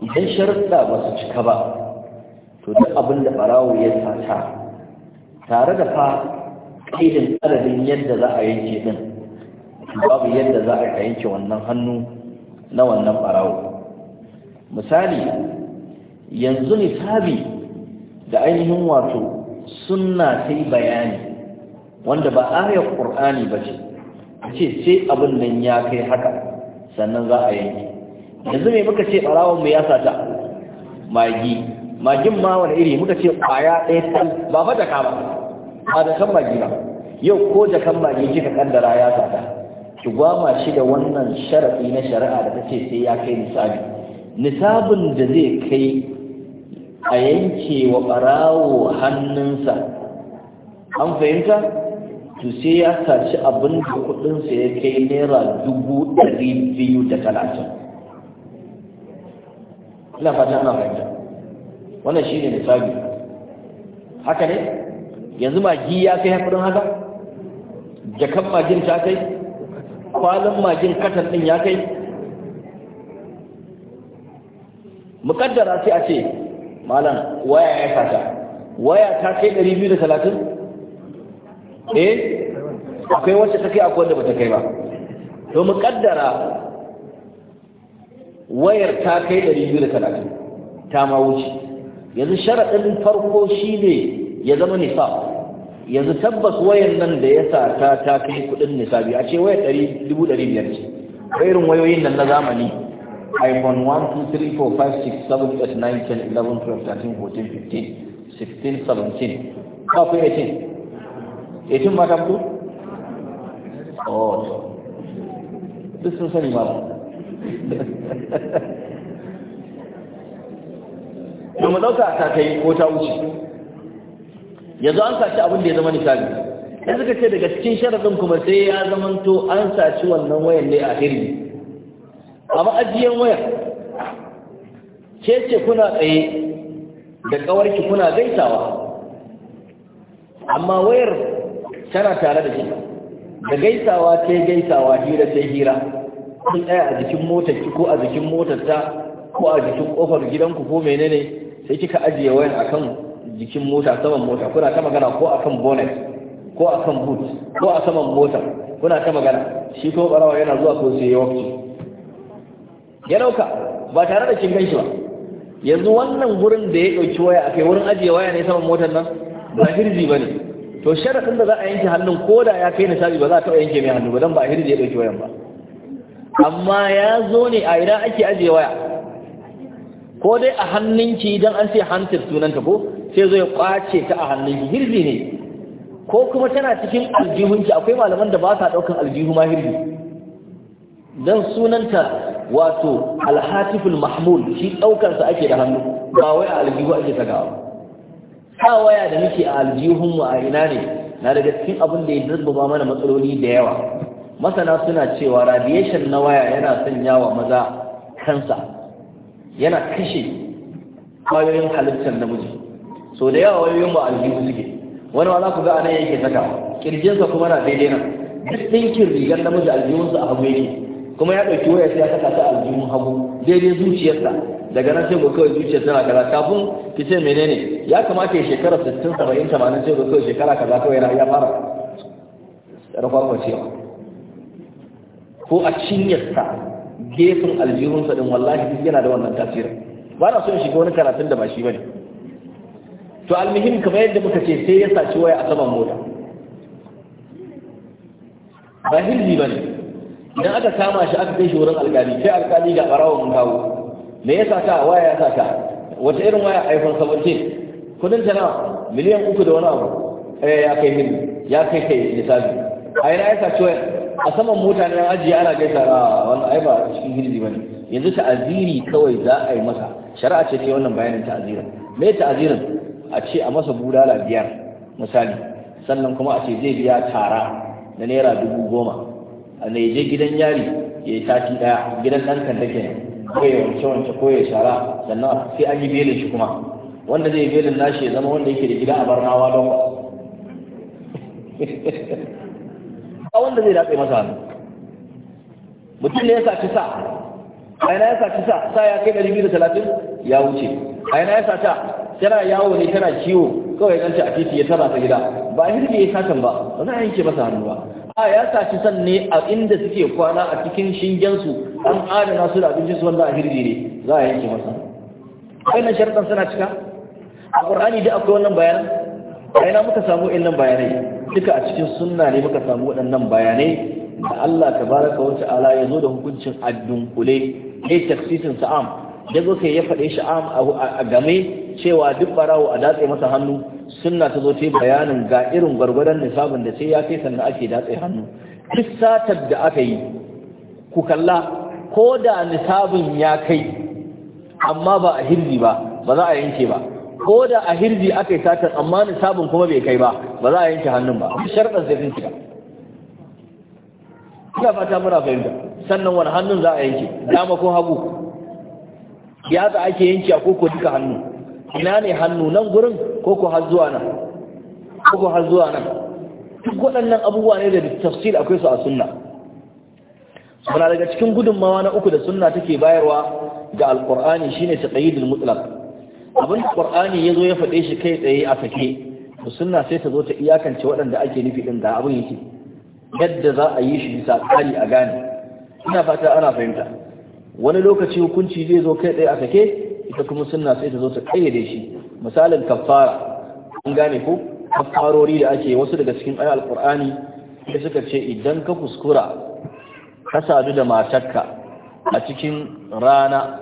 idan sharɗa ba su cika ba to duk abin da ɓarawo ya sata tare da fa irin adadin yadda za a yanke din babu yadda za a yanke wannan hannu na wannan barawo misali yanzu nisabi da ainihin wato sunna sai bayani wanda ba ayar qur'ani ba ce a ce sai abin nan ya kai haka sannan za a yanke yanzu me muka ce barawon mu ya sata magi magin ma wani iri muka ce ƙwaya ɗaya ba fata ba ba da kan magi ba yau ko da kan magi kika kaddara ya sata ki gwama shi da wannan sharafi na shari'a da tace sai ya kai nisabi nisabin da zai kai a yanke wa barawo hannunsa an fahimta to sai ya saci abin da sa ya kai naira dubu ɗari biyu da talatin ina fata ana fahimta wannan shi ne nisabi haka ne yanzu magi ya kai haƙurin haka jakan magin ta kai kwalin magin katar ɗin ya kai mukaddara sai a ce malam waya ya kasa waya ta kai 230 eh akwai wacce ta kai akwai wanda ba ta kai ba to mukaddara wayar ta kai 230 ta ma wuce yanzu sharaɗin farko shi ne ya zama nisa yanzu tabbas wayan nan da ya sa ta ta kai kudin nisabi a ce waya 1500 ce irin wayoyin nan na zamani iphone 1 2 3 4 5 6 7 8 9 10 11 12 13 14 15 16 17 ba 18 18 ma ta oh duk sun sani ba ba mu dauka ta kai ko ta wuce yanzu an saci abin da ya zama nisabi sai suka ce daga cikin sharadin kuma sai ya zamanto an saci wannan wayan ne a hirbi a ma'ajiyan wayar ce ce kuna tsaye da kawarki kuna gaisawa amma wayar tana tare da shi da gaisawa ce gaisawa hira ce hira kun tsaya a jikin motar ki ko a jikin motar ta ko a jikin kofar gidanku ko menene sai kika ajiye wayar akan jikin mota saman mota kuna ta magana ko akan bonnet ko akan boot ko a saman mota kuna ta magana shi ko barawa yana zuwa ko sai ya wakce ya dauka ba tare da kin gaishe ba yanzu wannan gurin da ya dauki waya akai wurin ajiye waya ne saman motar nan ba hirji bane to sharadin da za a yanke hannun ko da ya kai nisabi ba za a taɓa yanke mai hannu ba dan ba hirji ya dauki wayan ba amma ya zo ne a ina ake ajiye waya ko dai a hannunki idan an sai hantar sunanta ko sai zo ya kwace ta a hannun hirbi ne ko kuma tana cikin aljihunki akwai malaman da ba sa daukan aljihu ma hirbi dan sunanta wato alhatiful mahmul shi daukar sa ake da hannu ba wai a aljihu ake sakawa sa waya da muke a aljihun mu a ina ne na daga cikin abin da ya dabbaba mana matsaloli da yawa masana suna cewa radiation na waya yana sanya wa maza kansa yana kashe kwayoyin halittar namiji so da yawa wayoyin ba aljihu suke wani ma za ku ga a nan yake saka kirjinsa kuma na daidai nan duk ɗinkin rigar namiji aljihunsa a hagu yake kuma ya ɗauki waya sai ya saka ta aljihun hagu daidai zuciyarsa daga nan sai gokawa kawai zuciyar tana kaza kafin ki ce menene ya kamata ya shekara 60 70 80 sai gokawa shekara kaza kawai yana ya fara rakwarkwacewa ko a cinyarsa gefen aljihunsa din wallahi duk yana da wannan tasirin ba na son shiga wani karatun da ba shi ne to almihim kamar yadda muka ce sai ya saci waya a saman mota ba hilli ba ne idan aka kama shi aka kai shi wurin alkali sai alkali ga barawa mun kawo me ya sata waya ya sata wata irin waya a iphone 17 kudin ta nawa miliyan uku da wani abu eh ya kai mil ya kai kai lissafi a yana ya saci waya a saman mota ne ajiye ana gaisa a ah, wannan ai ba cikin hilli ba ne yanzu ta'aziri kawai za a yi masa shari'a ce ke wannan bayanin ta'azirin me ta'azirin a ce a masa budala biyar misali sannan kuma a ce zai biya tara na naira dubu goma a na je gidan yari ya yi sati ɗaya gidan ɗan kanda kenan ko ya wance wance ko ya shara sannan sai an yi belin shi kuma wanda zai belin nashi ya zama wanda yake da gida a barnawa don ba. a wanda zai datse masa hannu mutum ne ya saci sa a yana ya saci sa sa ya kai ɗari biyu da talatin ya wuce a yana ya saca? tana yawo ne tana ciwo kawai ganta a titi ya tara ta gida ba hirge ya sakan ba ba za a yanke masa hannu ba a ya saci san ne a inda suke kwana a cikin shingensu an adana su da abincin su wanda a hirge ne za a yanke masa na sharɗan suna cika a ƙur'ani da akwai wannan A ina muka samu nan bayanai duka a cikin sunna ne muka samu waɗannan bayanai da Allah baraka wa ta'ala ya zo da hukuncin addunkule ne tafsirin sa'am da zoke ya faɗe shi a game cewa duk barawo a datse masa hannu sunna ta zo ta bayanin ga irin gwargwadon nisabin da sai ya kai sannan ake datse hannu duk satar da aka yi ku kalla ko da nisabin ya kai amma ba a hirzi ba ba za a yanke ba ko da a hirzi aka yi satar amma nisabin kuma bai kai ba ba za a yanke hannun ba sharɗar zai ba ina fata muna fahimta sannan wani hannun za a yanke dama ko hagu Ya yatsa ake yanki a koko duka hannu ina ne hannu nan gurin koko har zuwa nan koko har zuwa nan duk waɗannan abubuwa ne da tafsir akwai su a sunna suna daga cikin gudunmawa na uku da sunna take bayarwa ga alqur'ani shine taqyidul mutlaq abin qur'ani yazo ya faɗe shi kai tsaye a sake to sunna sai ta zo ta iyakance waɗanda ake nufi din da abin yake yadda za a yi shi bisa tsari a gane ina fata ana fahimta wani lokaci hukunci zai zo kai tsaye a sake ita kuma sunna sai ta zo ta kayyade shi misalin kafara an gane ko kafarori da ake wasu daga cikin ayi alqur'ani da suka ce idan ka kuskura ka sadu da matarka a cikin rana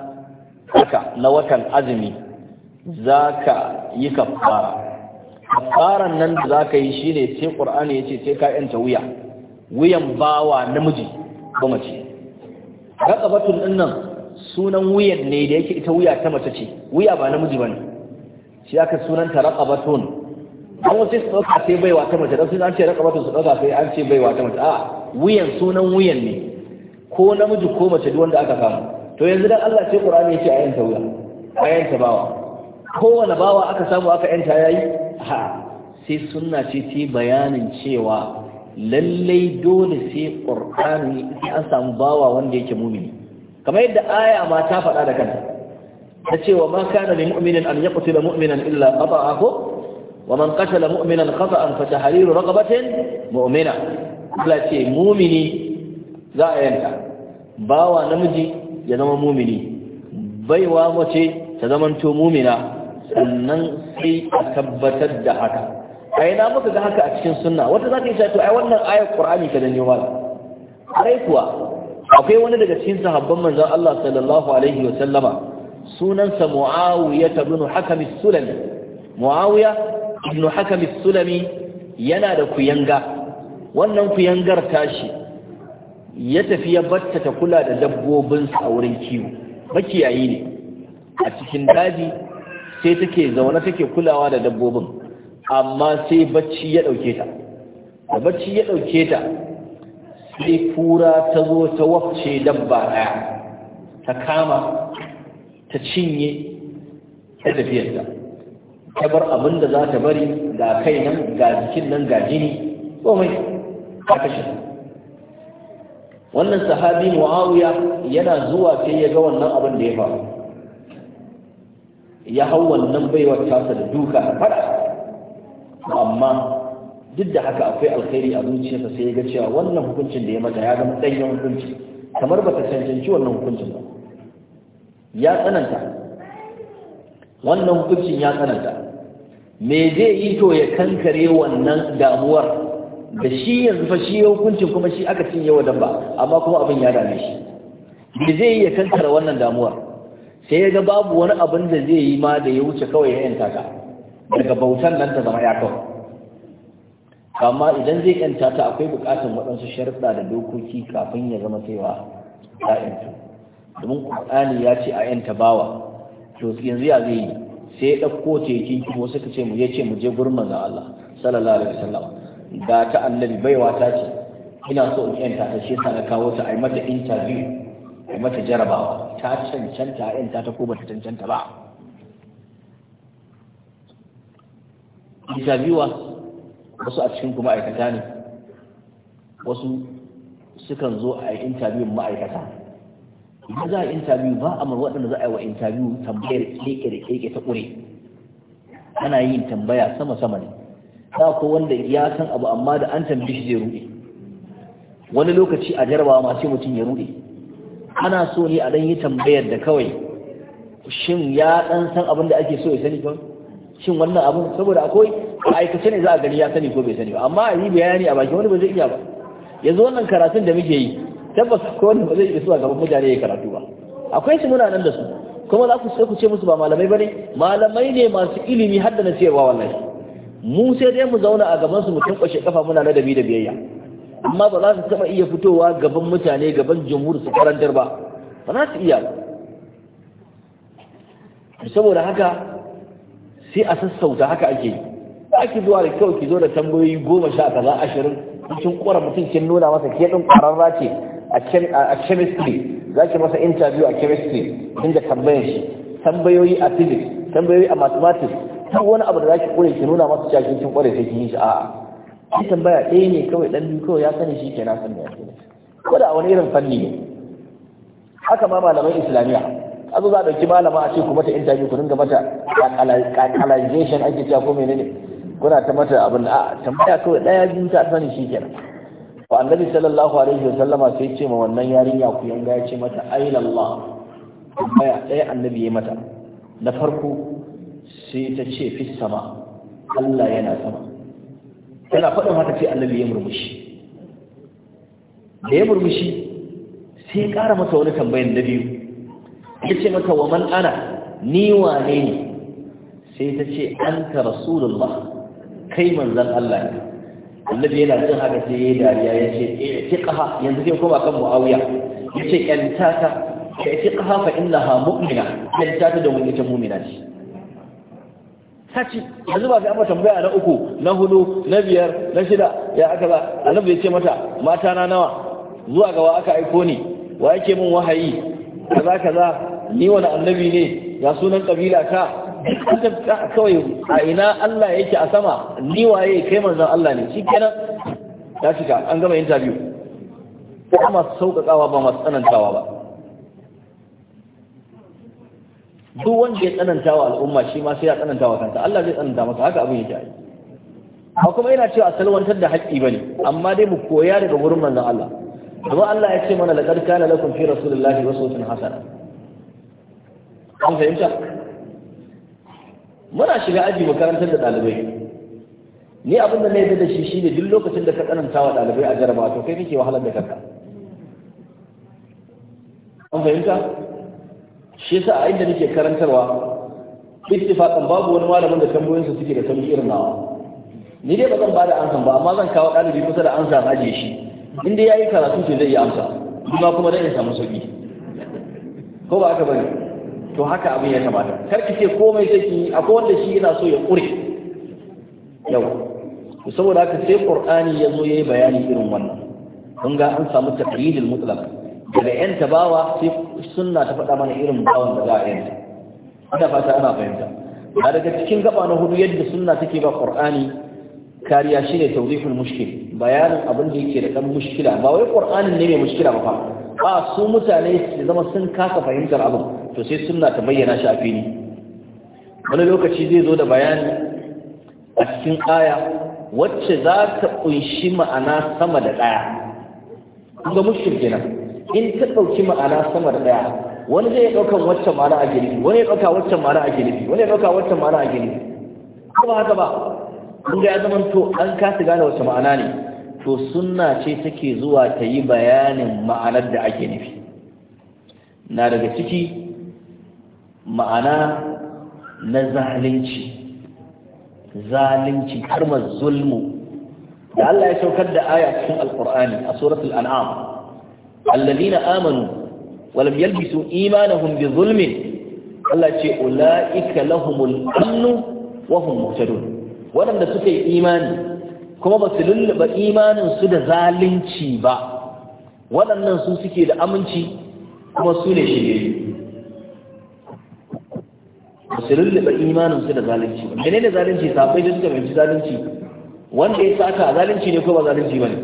haka na watan azumi za ka yi kafara kaffaran nan da za ka yi shine sai qur'ani ya ce sai ka yanta wuya wuyan bawa namiji ko mace raqabatun din nan sunan wuyan ne da yake ita wuya ta mace ce wuya ba namiji bane shi aka sunan ta raqabatun an wace su ɗauka sai baiwa ta mace dan sun an ce raqabatun su ɗauka sai an ce baiwa ta mace a wuyan sunan wuyan ne ko namiji ko mace duk wanda aka samu to yanzu dan Allah sai Qur'ani yace ayan ta wuya ayan ta bawa kowane bawa aka samu aka yanta yayi ha sai sunna ce ta bayanin cewa lallai dole sai ƙur'ani sai an samu bawa wanda yake mumini kamar yadda aya ma ta faɗa da kanta ta ce wa ma kana li mu'minin an yaqtula mu'minan illa qata'ahu wa man qatala mu'minan qata'an fa tahriru raqabatin mu'mina Allah ce mumini za a yanka bawa namiji ya zama mumini baiwa mace ta zamanto mumina sannan sai a tabbatar da haka a ina muka ga haka a cikin sunna wata za ka yi a yi wannan ayar qur'ani ka da ne wala ai kuwa akwai wani daga cikin sahabban manzan Allah sallallahu alaihi wa sunansa mu'awiyya ta bin as-Sulami Mu'awiyya ibn Hakam sulami yana da kuyanga wannan kuyangar tashi ya tafi ya batta ta kula da dabbobin sa wurin kiwo makiyayi ne a cikin daji sai take zaune take kulawa da dabbobin amma sai bacci ya ɗauke ta da bacci ya ɗauke ta sai kura ta zo ta wafce dabba ɗaya ta kama ta cinye ta tafiyarta ta bar abin da za ta bari ga kai nan ga jikin nan ga jini komai ta kashe wannan sahabi muawiya yana zuwa sai ya ga wannan abin da ya faru ya hau wannan baiwar tasa da duka da fara amma duk da haka akwai alkhairi a zuciyarsa sai ya ga cewa wannan hukuncin da ya mata ya zama ɗanyen hukunci kamar ba ta cancanci wannan hukuncin ba ya tsananta wannan hukuncin ya tsananta me zai yi to ya kankare wannan damuwar da shi yanzu fa shi hukuncin kuma shi aka cinye wa damba amma kuma abin ya dame shi me zai yi ya kankare wannan damuwar sai ya ga babu wani abin da zai yi ma da ya wuce kawai ya yanta ka daga bautan nan ta zama ya kawo amma idan zai yanta ta akwai bukatun waɗansu sharuɗa da dokoki kafin ya zama cewa ta yanta domin ƙwaƙani ya ce a yanta bawa to yanzu ya zai yi sai ya ɗauko tekin kifo suka ce mu ya ce mu je gurman manzon Allah sallallahu alaihi wasallam da ta annabi baiwa ta ce ina so in yanta ta shi sana kawo ta a mata interview a mata jarabawa ta cancanta a yanta ta ko bata cancanta ba Intabiwa wasu a cikin kuma aikata ne wasu sukan zo a interview ma'aikata idan za a interview ba a waɗanda za a yi wa interview tambayar keke da keke ta ƙure ana yin tambaya sama sama ne ta ko wanda ya san abu amma da an tambaye shi zai ruɗe wani lokaci a jarabawa ma sai mutum ya ruɗe ana so ne a ɗan yi tambayar da kawai shin ya ɗan san abin da ake so ya sani kawai shin wannan abun saboda akwai a aikace ne za a gani ya sani ko bai sani ba amma a yi bayani a baki wani ba zai iya ba yanzu wannan karatun da muke yi tabbas ko wani ba zai iya zuwa gaban mutane ya karatu ba akwai su muna nan da su kuma za ku sai ku ce musu ba malamai ba ne? malamai ne masu ilimi har da nasiyarwa wallahi mu sai dai mu zauna a gaban su mu tankwashe kafa muna ladabi da biyayya amma ba za su taba iya fitowa gaban mutane gaban jamhur su karantar ba ba za su iya ba saboda haka sai a sassauta haka ake yi za ki zuwa da kyau ki zo da tambayoyi goma sha kaza ashirin cikin kora mutum kin nuna masa ke ɗin ƙwararra ce a chemistry za ki masa interview a chemistry Tun da tambayar shi tambayoyi a physics tambayoyi a mathematics duk wani abu da za ki ƙware ki nuna masa cikin kin ƙware sai kin yi shi a'a shi tambaya ɗaya ne kawai ɗan biyu kawai ya sani shi ke na da ya ko da a wani irin fanni ne haka ma malaman islamiyya a zo za a ɗauki malama a ce ku mata interview ku dinga mata calculation ake cewa ko menene kuna ta mata abin a tambaya kawai ɗaya biyu ta sani shi kenan fa annabi sallallahu alaihi wa sallama sai ce ma wannan yarinya ku yanga ya ce mata ailallah tambaya ɗaya annabi ya mata na farko sai ta ce fi sama Allah yana sama tana faɗin haka sai annabi ya murmushi da ya murmushi sai ya ƙara masa wani tambayan na biyu ya ce mata wa man ana ni wane ne sai ta ce an ka rasulullah kai manzan Allah ne annabi yana jin haka sai ya dariya ya ce i'tiqaha yanzu sai kuma kan muawiya ya ce yanta ta i'tiqaha fa innaha mu'mina yanta ta da wani ta mu'mina ce sace yanzu ba sai an mata tambaya na uku na hudu na biyar na shida ya aka ba annabi bai ce mata mata na nawa zuwa ga aka aiko ni wa yake min wahayi kaza kaza ni wani annabi ne ya sunan kabila ta kawai a ina Allah yake a sama ni waye kai manzon Allah ne shikenan ya shiga, an gama interview ko masu sauƙaƙawa ba masu tsanantawa ba duk wanda ya tsananta wa al'umma shi ma sai ya tsananta wa kansa Allah zai tsananta masa haka abin yake yi ba kuma yana cewa a salwantar da haƙƙi bane amma dai mu koya daga wurin manzon Allah kuma Allah ya ce mana laqad kana lakum fi rasulillahi sun hasana an fahimta muna shiga aji makarantar da ɗalibai ni abin da na yi da shi shine duk lokacin da ka tsananta wa ɗalibai a jarabawa to kai kake wahalar da kanka an fahimta shi yasa a inda nake karantarwa ittifaqan babu wani malamin da tambayoyin su suke da sauki irin nawa ni dai ba zan bada amsa ba amma zan kawo ɗalibi kusa da amsa na ajiye shi in dai yayi karatu sai zai yi amsa kuma kuma dai ya samu sauki ko ba aka bari to haka abin ya kamata karki ce komai sai ki akwai wanda shi yana so ya kure yau saboda haka sai qur'ani ya zo yayi bayani irin wannan kun ga an samu taqlidul mutlaq daga yan tabawa sai sunna ta faɗa mana irin bawan da za a yanta ina fata ana fahimta a daga cikin gaba na hudu yadda sunna take ba qur'ani kariya shine tawdihul mushkil bayanin abin da yake da dan mushkila ba wai qur'anin ne mai mushkila ba fa Ba su mutane su zama sun kasa fahimtar abin to sai sunna ta bayyana shi a fili wani lokaci zai zo da bayani a cikin aya wacce za ta kunshi ma'ana sama da daya ga mushkil kenan in ta dauki ma'ana sama da daya wani zai dauka wacce ma'ana a gidi wani ya dauka wacce ma'ana a gidi wani ya dauka wacce ma'ana a gidi ba haka ba in ga zaman to an kasa gane wata ma'ana ne to sunna ce take zuwa ta yi bayanin ma'anar da ake nufi na daga ciki ma'ana na zalunci zalunci karmar zulmu da Allah ya saukar da aya cikin alkur'ani a suratul an'am alladhina amanu wa lam yalbisu imanahum bi zulmin Allah ce ulaika lahumul amnu wa hum muhtadun waɗanda suka yi imani kuma ba su lulluɓa imaninsu da zalunci ba waɗannan su suke da aminci kuma su ne shirye ba su lulluɓa imaninsu da zalunci ba ne da zalunci sabai da suka mai zalunci wanda ya saka zalunci ne ko ba zalunci ba ne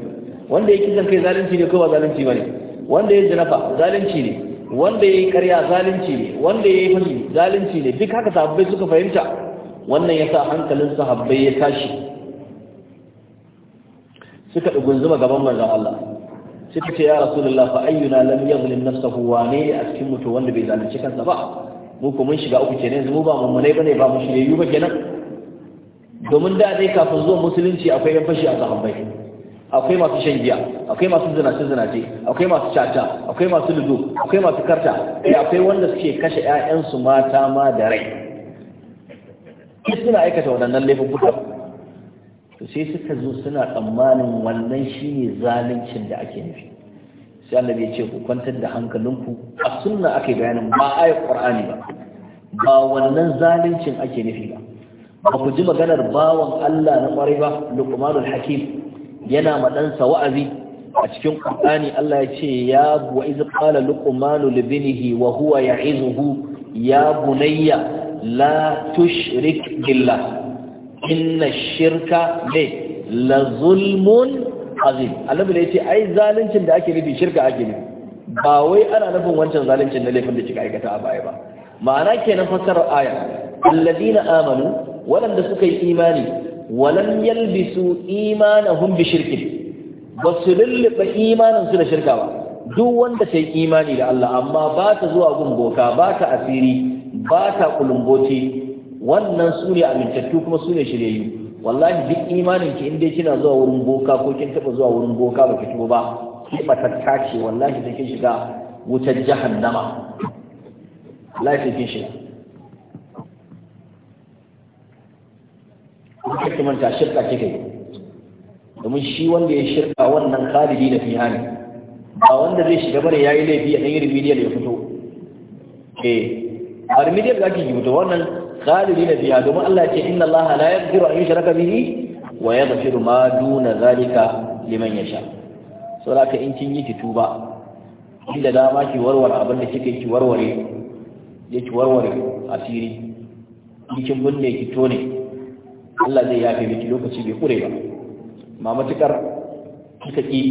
wanda ya kisan kai zalunci ne ko ba zalunci ba ne wanda ya jinafa zalunci ne wanda ya yi karya zalunci ne wanda ya yi fashi zalunci ne duk haka sabai suka fahimta wannan ya sa hankalin sahabbai ya tashi suka ɗugunzuma gaban manzon Allah suka ce ya rasulullah fa ayyuna lam yazlim nafsahu wa ne a cikin mutu wanda bai zalunci kansa ba mu ko mun shiga uku kenan yanzu mu ba mummunai bane ba mu shi shiryayyu ba kenan domin da dai kafin zuwa musulunci akwai yan fashi a sahabbai akwai masu shan giya akwai masu zina ce akwai masu chata akwai masu ludo akwai masu karta eh, akwai wanda suke kashe ƴaƴansu mata ma da rai sai suna aikata waɗannan laifuffuka to sai suka zo suna tsammanin wannan shine zaluncin da ake nufi sai ya ce ku kwantar da hankalinku a sunna ake bayanin ba ayat qur'ani ba ba wannan zaluncin ake nufi ba ba ku ji maganar bawan Allah na kwarai ba Luqmanul Hakim yana ma ɗansa wa'azi a cikin Qur'ani Allah ya ce ya wa iz qala Luqmanu li wa huwa ya'izuhu ya bunayya la tushrik billah inna shirka ne la zulmun azim annabi ne yace ai zaluncin da ake nufi shirka ake nufi ba wai ana nufin wancan zaluncin na laifin da kika aikata a baya ba ma'ana kenan fassarar aya alladina amanu waɗanda suka yi imani walam yalbisu imanahum bi shirkin ba su lulluɓa imanin da shirka ba duk wanda ta yi imani da Allah amma ba ta zuwa gun boka ba ta asiri ba ta kulumboti wannan su ne amintattu kuma su ne shiryayyu wallahi duk imanin ki inda kina zuwa wurin boka ko kin taba zuwa wurin boka baki tuba ba ki batatta ce wallahi da kin shiga wutar jahannama wallahi da kin shiga kuma ki manta shirka kike yi domin shi wanda ya shirka wannan khalidi da fiha ne ba wanda zai shiga bare yayi laifi a dan yi remedial ya fito eh armidiyar da ake yi mutu wannan khalidi na biya domin Allah ce inna Allah la yaghfiru an yushraka bihi wa yaghfiru ma duna zalika liman yasha saboda ka in kin yi tuba inda dama ki warware abin da kike ki warware ya ki warware asiri in kin binne ki tone Allah zai yafe miki lokaci bai kure ba ma matukar kika ki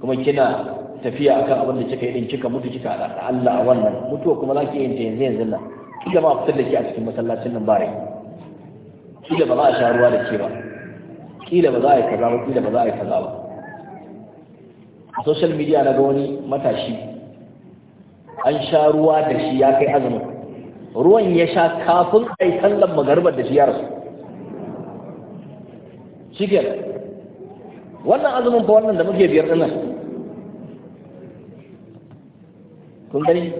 kuma kina tafiya akan abin da kika yi din kika mutu kika da Allah a wannan mutuwa kuma za ki yin ta yanzu yanzu nan kila ma a fitar da ke a cikin masallacin nan bare kila ba za a sha ruwa da ke ba kila ba za a yi kaza ba kila ba za a yi kaza ba a social media na ga wani matashi an sha ruwa da shi ya kai azumin ruwan ya sha kafin a yi sallan magarbar da shi ya rasu shi wannan azumin fa wannan da muke biyar dinnan kun gani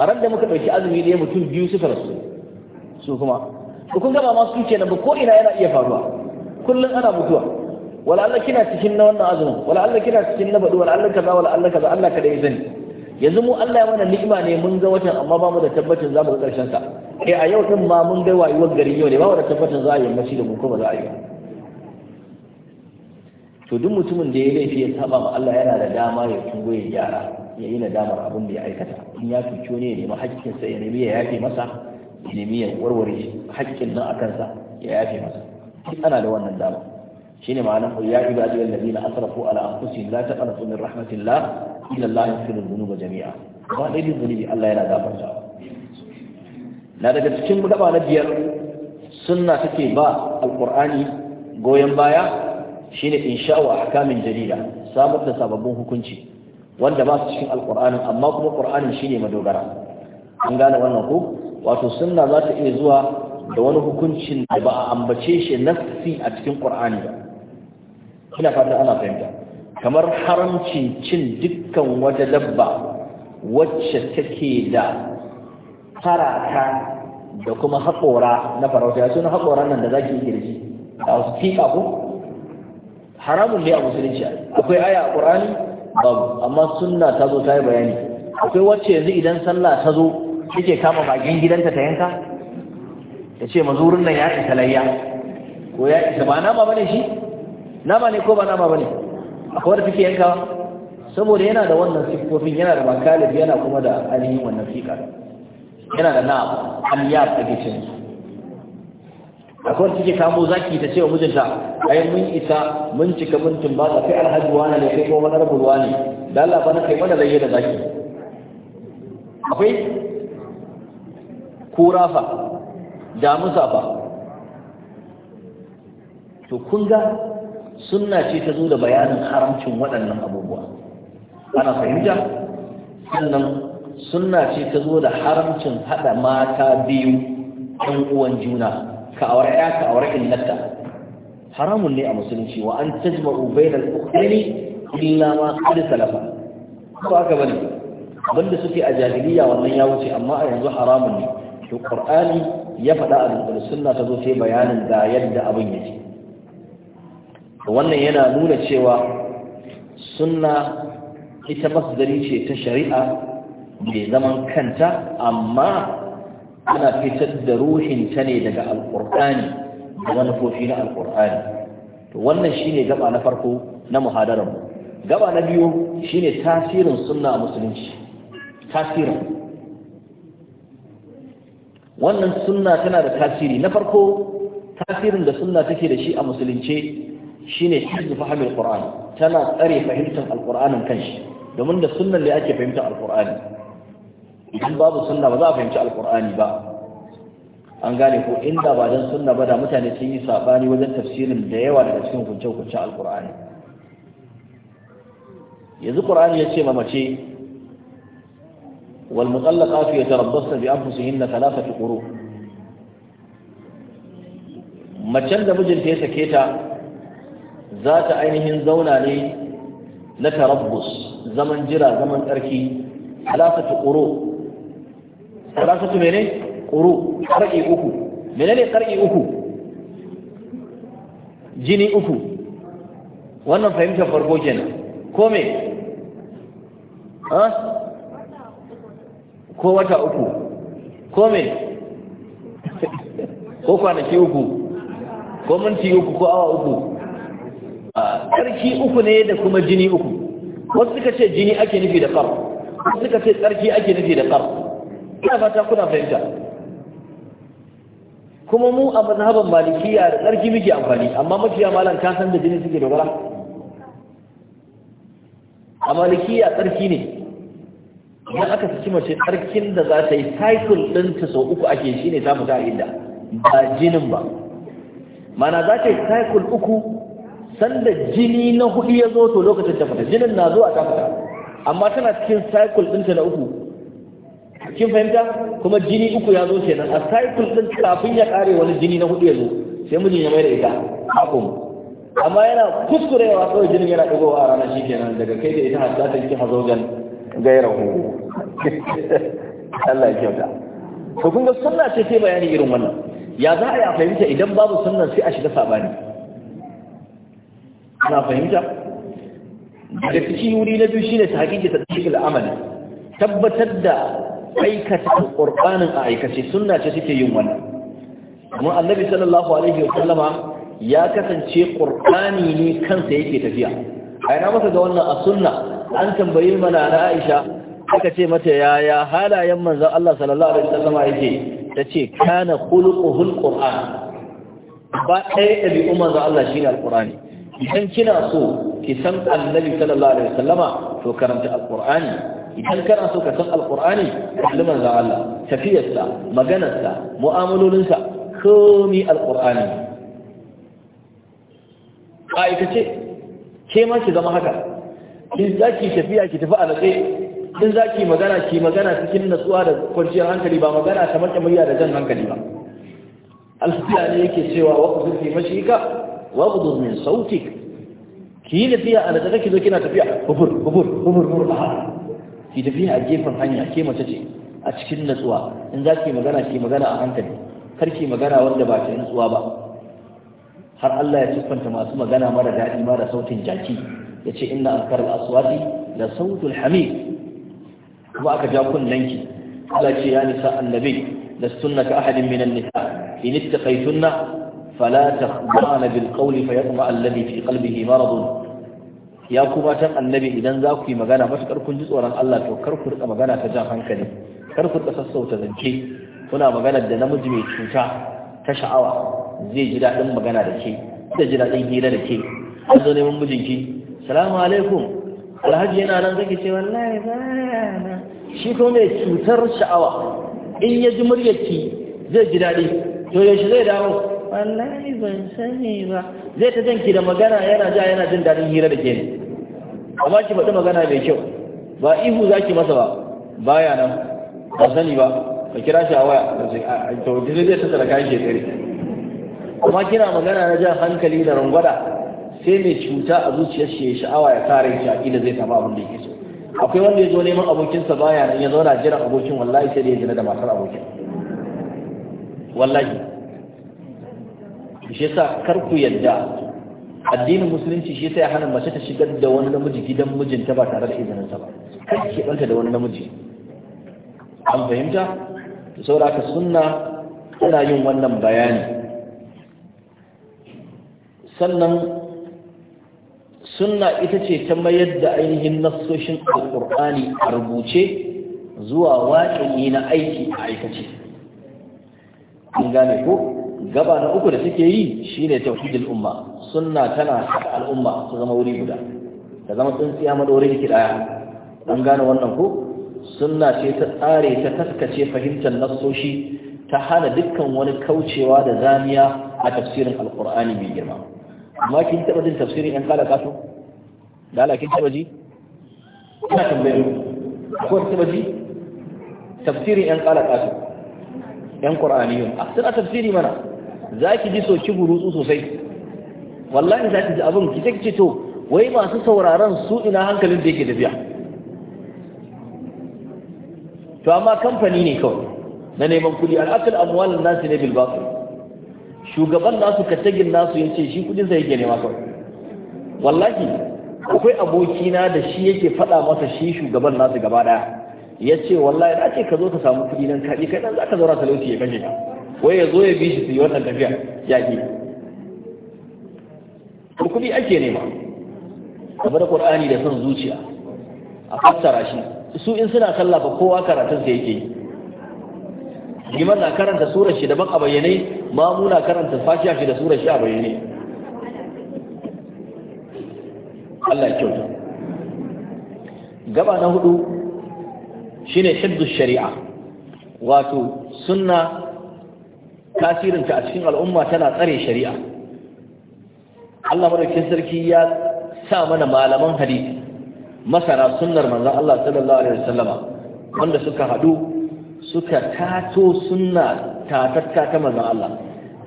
a ran da muka ɗauki azumi da ya mutum biyu suka rasu su kuma to kun gaba masu suke nan ba ko ina yana iya faruwa kullum ana mutuwa wala Allah kina cikin na wannan azumin wala Allah kina cikin na baɗu wala Allah kaza wala Allah kaza Allah kada ya sani yanzu mu Allah ya mana ni'ima ne mun ga watan amma ba mu da tabbacin za mu ga ƙarshen sa eh a yau din ma mun ga wayuwar gari yau ne ba mu da tabbacin za a yi mace da mu ko ba za a yi ba to duk mutumin da ya laifi ya saba ma Allah yana da dama ya tuba ya gyara ya yi nadamar abin da ya aikata in ya cuci wani ya nemi haƙƙinsa ya nemi ya yafe masa ya nemi ya warware haƙƙin nan a kansa ya yafe masa duk ana da wannan dama shine ma'anar ya ibadi allazina asrafu ala anfusihim la taqnatu min rahmatillah illa Allah yaghfiru dhunuba jami'a ba dai zunubi Allah yana gafarta na daga cikin gaba na biyar sunna take ba alqur'ani goyon baya Shi shine insha'u kamin jarida. samar da sababbin hukunci wanda ba su cikin alƙur'anin amma kuma ƙur'ani shine madogara an gane wannan ku? wato sunna za ta iya zuwa da wani hukuncin da ba a ambace shi nassi a cikin ƙur'ani ba ina fata ana fahimta kamar haramcin cin dukkan wata dabba wacce take da farata da kuma haƙora na farauta ya suna haƙoran nan da zaki yi girji a wasu fiƙa ko haramun ne a musulunci akwai aya a ƙur'ani. babu amma sunna ta zo ta yi bayani akwai wacce yanzu idan sallah ta zo take kama bakin gidanta ta yanka ta ce mazurin nan ya isa layya ko ya isa ba nama bane shi nama ne ko ba nama bane akwai wanda take yankawa saboda yana da wannan siffofin yana da makalif yana kuma da ainihin wannan fika yana da na aliyab ake cin akwai cike kamo zaki ta ce wa mijinta ai mun isa mun cika mun ta, kai alhaji wani ne kai ko wani rabu wani da Allah na kai mana zai da zaki akwai kura fa damusa fa to kun ga sunna ce ta zo da bayanin haramcin waɗannan abubuwa ana fahimta sannan sunna ce ta zo da haramcin haɗa mata biyu ɗan uwan juna ka aure ya ka aure illata haramun ne a musulunci wa an tajma'u bainal ukhrayn illa ma qad salafa ko aka bane Banda suke a jahiliya wannan ya wuce amma a yanzu haramun ne to qur'ani ya faɗa a dukkan sunna ta zo sai bayanin da yadda abin yake wannan yana nuna cewa sunna ita masdari ce ta shari'a mai zaman kanta amma ana fitar da ruhin ta ne daga Alƙur'ani, da manufofi na Alƙur'ani. to wannan shine gaba na farko na muhadarar mu gaba na biyu shine tasirin sunna a musulunci tasirin wannan sunna tana da tasiri na farko tasirin da sunna take da shi a musulunce shine hizbu fahimil qur'an tana tsare fahimtar alqur'anin kanshi domin da sunnan ne ake fahimtar alqur'ani idan babu sunna ba za a fahimci alkur'ani ba an gane ko inda ba dan sunna ba da mutane sun yi sabani wajen tafsirin da yawa daga cikin kunce kunce alkur'ani yanzu qur'ani ya ce ma mace wal mutallaqatu yatarabbasna bi anfusihinna thalathatu quru macen da mijinta ya sake ta za ta ainihin zauna ne na tarabbus zaman jira zaman tsarki halafatu quru salasatu mene ƙuru. qar'i uku ne qar'i uku jini uku wannan fahimtar farko kenan ko me ko wata uku ko me ko kwanaki uku ko minti uku ko awa uku tsarki uku ne da kuma jini uku wasu suka ce jini ake nufi da ƙar wasu suka ce tsarki ake nufi da ƙar ina fata kuna fahimta kuma mu a mazhaban malikiya da tsarki muke amfani amma mafiya malam ka san da jini suke dogara a malikiya tsarki ne idan aka saki mace tsarkin da za ta yi cycle ta sau uku ake shi ne samu ta inda ba jinin ba mana za ta yi cycle uku sanda jini na hudu ya zo to lokacin ta fita jinin na zo a ta fita amma tana cikin cycle ɗinta na uku kin fahimta kuma jini uku ya zo kenan a cycle din kafin ya kare wani jini na hudu ya zo sai mijin ya mai da ita hakum amma yana kuskurewa kawai jinin yana digowa a ranar shi kenan daga kai da ita hatta ta ki gairar gairahu Allah ya kyauta to kun ga sunna ce sai bayani irin wannan ya za a yi a fahimta idan babu sunna sai a shiga sabani ana fahimta daga cikin wuri na biyu shine ta hakiki ta cikin al'amali tabbatar da aikata alƙur'anin a aikace sunna ce suke yin wannan kuma annabi sallallahu alaihi wa sallama ya kasance ƙur'ani ne kansa yake tafiya a yana masa ga wannan a sunna an tambayi mana na aisha aka ce mata yaya halayen manzan Allah sallallahu alaihi wasallama yake ta ce kana khuluquhul qur'an ba ɗaya ɗabi'u manzan Allah shi ne alqur'ani idan kina so ki san annabi sallallahu alaihi wa sallama to karanta alqur'ani idan kana so ka san alqur'ani kalli manzon Allah tafiyarsa maganarsa mu'amalolinsa komi alqur'ani ka ce ke ma ki zama haka in ki tafiya ki tafi a natse in ki magana ki magana cikin natsuwa da kwanciyar hankali ba magana ta mace murya da jan hankali ba alfiya ne yake cewa waqfu zurfi mashika waqdu min sautik ki yi tafiya a natse ki zo kina tafiya hubur hubur hubur hubur ki tafiya a gefen hanya ke mace ce a cikin natsuwa in za ki magana ki magana a hankali kar ki magana wanda ba ta natsuwa ba har Allah ya siffanta masu magana mara daɗi mara sautin jaki ya ce inna ankar al-aswati da sautul hamid kuma aka ja kunnen ki Allah ce ya nisa annabi lastunna ka ahadin minan nisa in ittaqaytunna fala takhdana bil qawli fayatma alladhi fi qalbihi maradun ya ku matan annabi idan za ku yi magana matuƙar kun ji tsoron Allah to kar ku rika magana ta jan hankali kar ku rika sassauta zance kuna magana da namiji mai cuta ta sha'awa zai ji daɗin magana da ke zai ji daɗin hira da ke an zo neman mijinki salamu alaikum alhaji yana nan zaki ce wallahi ba shi ko mai cutar sha'awa in ya ji muryarki zai ji daɗi to yaushe zai dawo wallahi ban sani ba zai ta janki da magana yana ja yana jin daɗin hira da ke ne amma ki faɗi magana mai kyau ba ihu za ki masa ba baya nan ba sani ba ka kira shi a waya to jini zai tattara shi shekari amma kina magana na jan hankali da rangwada sai mai cuta a zuciyar shi ya sha'awa ya kare shi a ƙila zai samu abin da yake so akwai wanda ya zo neman abokinsa baya nan ya zauna jiran abokin wallahi sai da ya jina da matar abokin wallahi shi yasa kar ku yadda addinin musulunci shi yasa ya hana mace ta shigar da wani namiji gidan mijinta ba tare da izinin sa ba kar ki banta da wani namiji an fahimta to saboda sunna tana yin wannan bayani sannan sunna ita ce ta mayar da ainihin nassoshin alƙur'ani a rubuce zuwa waƙi na aiki a aikace Kun gane ko gaba na uku da suke yi shine tauhidul umma sunna tana haɗa al'umma su zama wuri guda ta zama sun tsintsiya madorin kidaya Kun gane wannan ko sunna ce ta tsare ta taskace fahimtar nassoshi ta hana dukkan wani kaucewa da zamiya a tafsirin alqur'ani mai girma amma kin taba jin tafsirin yan kala kaso da Allah kin taba ji ina tambayar ko taba ji tafsirin yan kala kaso yan qur'aniyun a suna tafsiri mana za ki ji soki burutsu sosai wallahi za ki ji abin ki take ce to wai masu sauraron su ina hankalin da yake da biya. to amma kamfani ne kawai na neman kuɗi kudi al'akal amwalin nasu ne bilbaku shugaban nasu katagin nasu yace shi kuɗin sa yake nema kawai wallahi akwai abokina da shi yake faɗa masa shi shugaban nasu gaba daya ya ce wallahi na ce ka zo ka samu kuɗi nan kaɗi kai za ka zaura talauci ya kashe ka wai ya zo ya bi shi su yi wannan tafiya ya ke kuɗi ake nema a bar ƙur'ani da son zuciya a fassara shi su in suna sallah ba kowa karatun sa yake yi liman na karanta surar shi daban a bayyane mamu na karanta fashiya shi da surar shi a bayyane Allah kyauta gaba na hudu shine hibdu shari'a wato sunna tasirinta a cikin al'umma tana tsare shari'a Allah sarki ya sa mana malaman hadisi masana sunnar manzon Allah sallallahu alaihi wasallama wanda suka hadu suka tato suna tatatta ta manzon Allah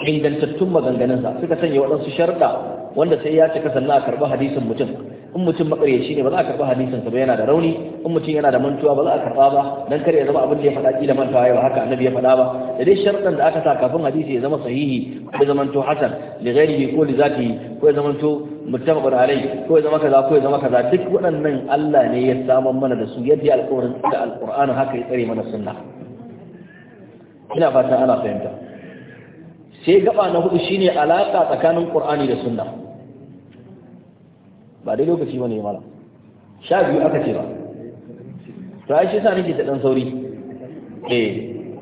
ingantattun maganganunsa suka sanya waɗansu sharɗa wanda sai ya cika sannan a karɓi hadisin mutum in mutum makaryaci ne ba za a karba hadisin sa ba yana da rauni in mutum yana da mantuwa ba za a karba ba dan kar ya zama abin da ya faɗa kila mantawa ya ba haka annabi ya faɗa ba da dai sharɗan da aka sa kafin hadisi ya zama sahihi ko ya zama to hasan li ghairihi ko li zatihi ko ya zama to muttafaqun alai ko ya zama kaza ko ya zama kaza duk waɗannan Allah ne ya samar mana da su yadda alƙawarin da alƙur'ani haka ya tsare mana sunna ina fata ana fahimta sai gaba na hudu shine alaka tsakanin qur'ani da sunna ba dai lokaci bane ya mala sha biyu aka ce ba to ai shi sa nake ta dan sauri eh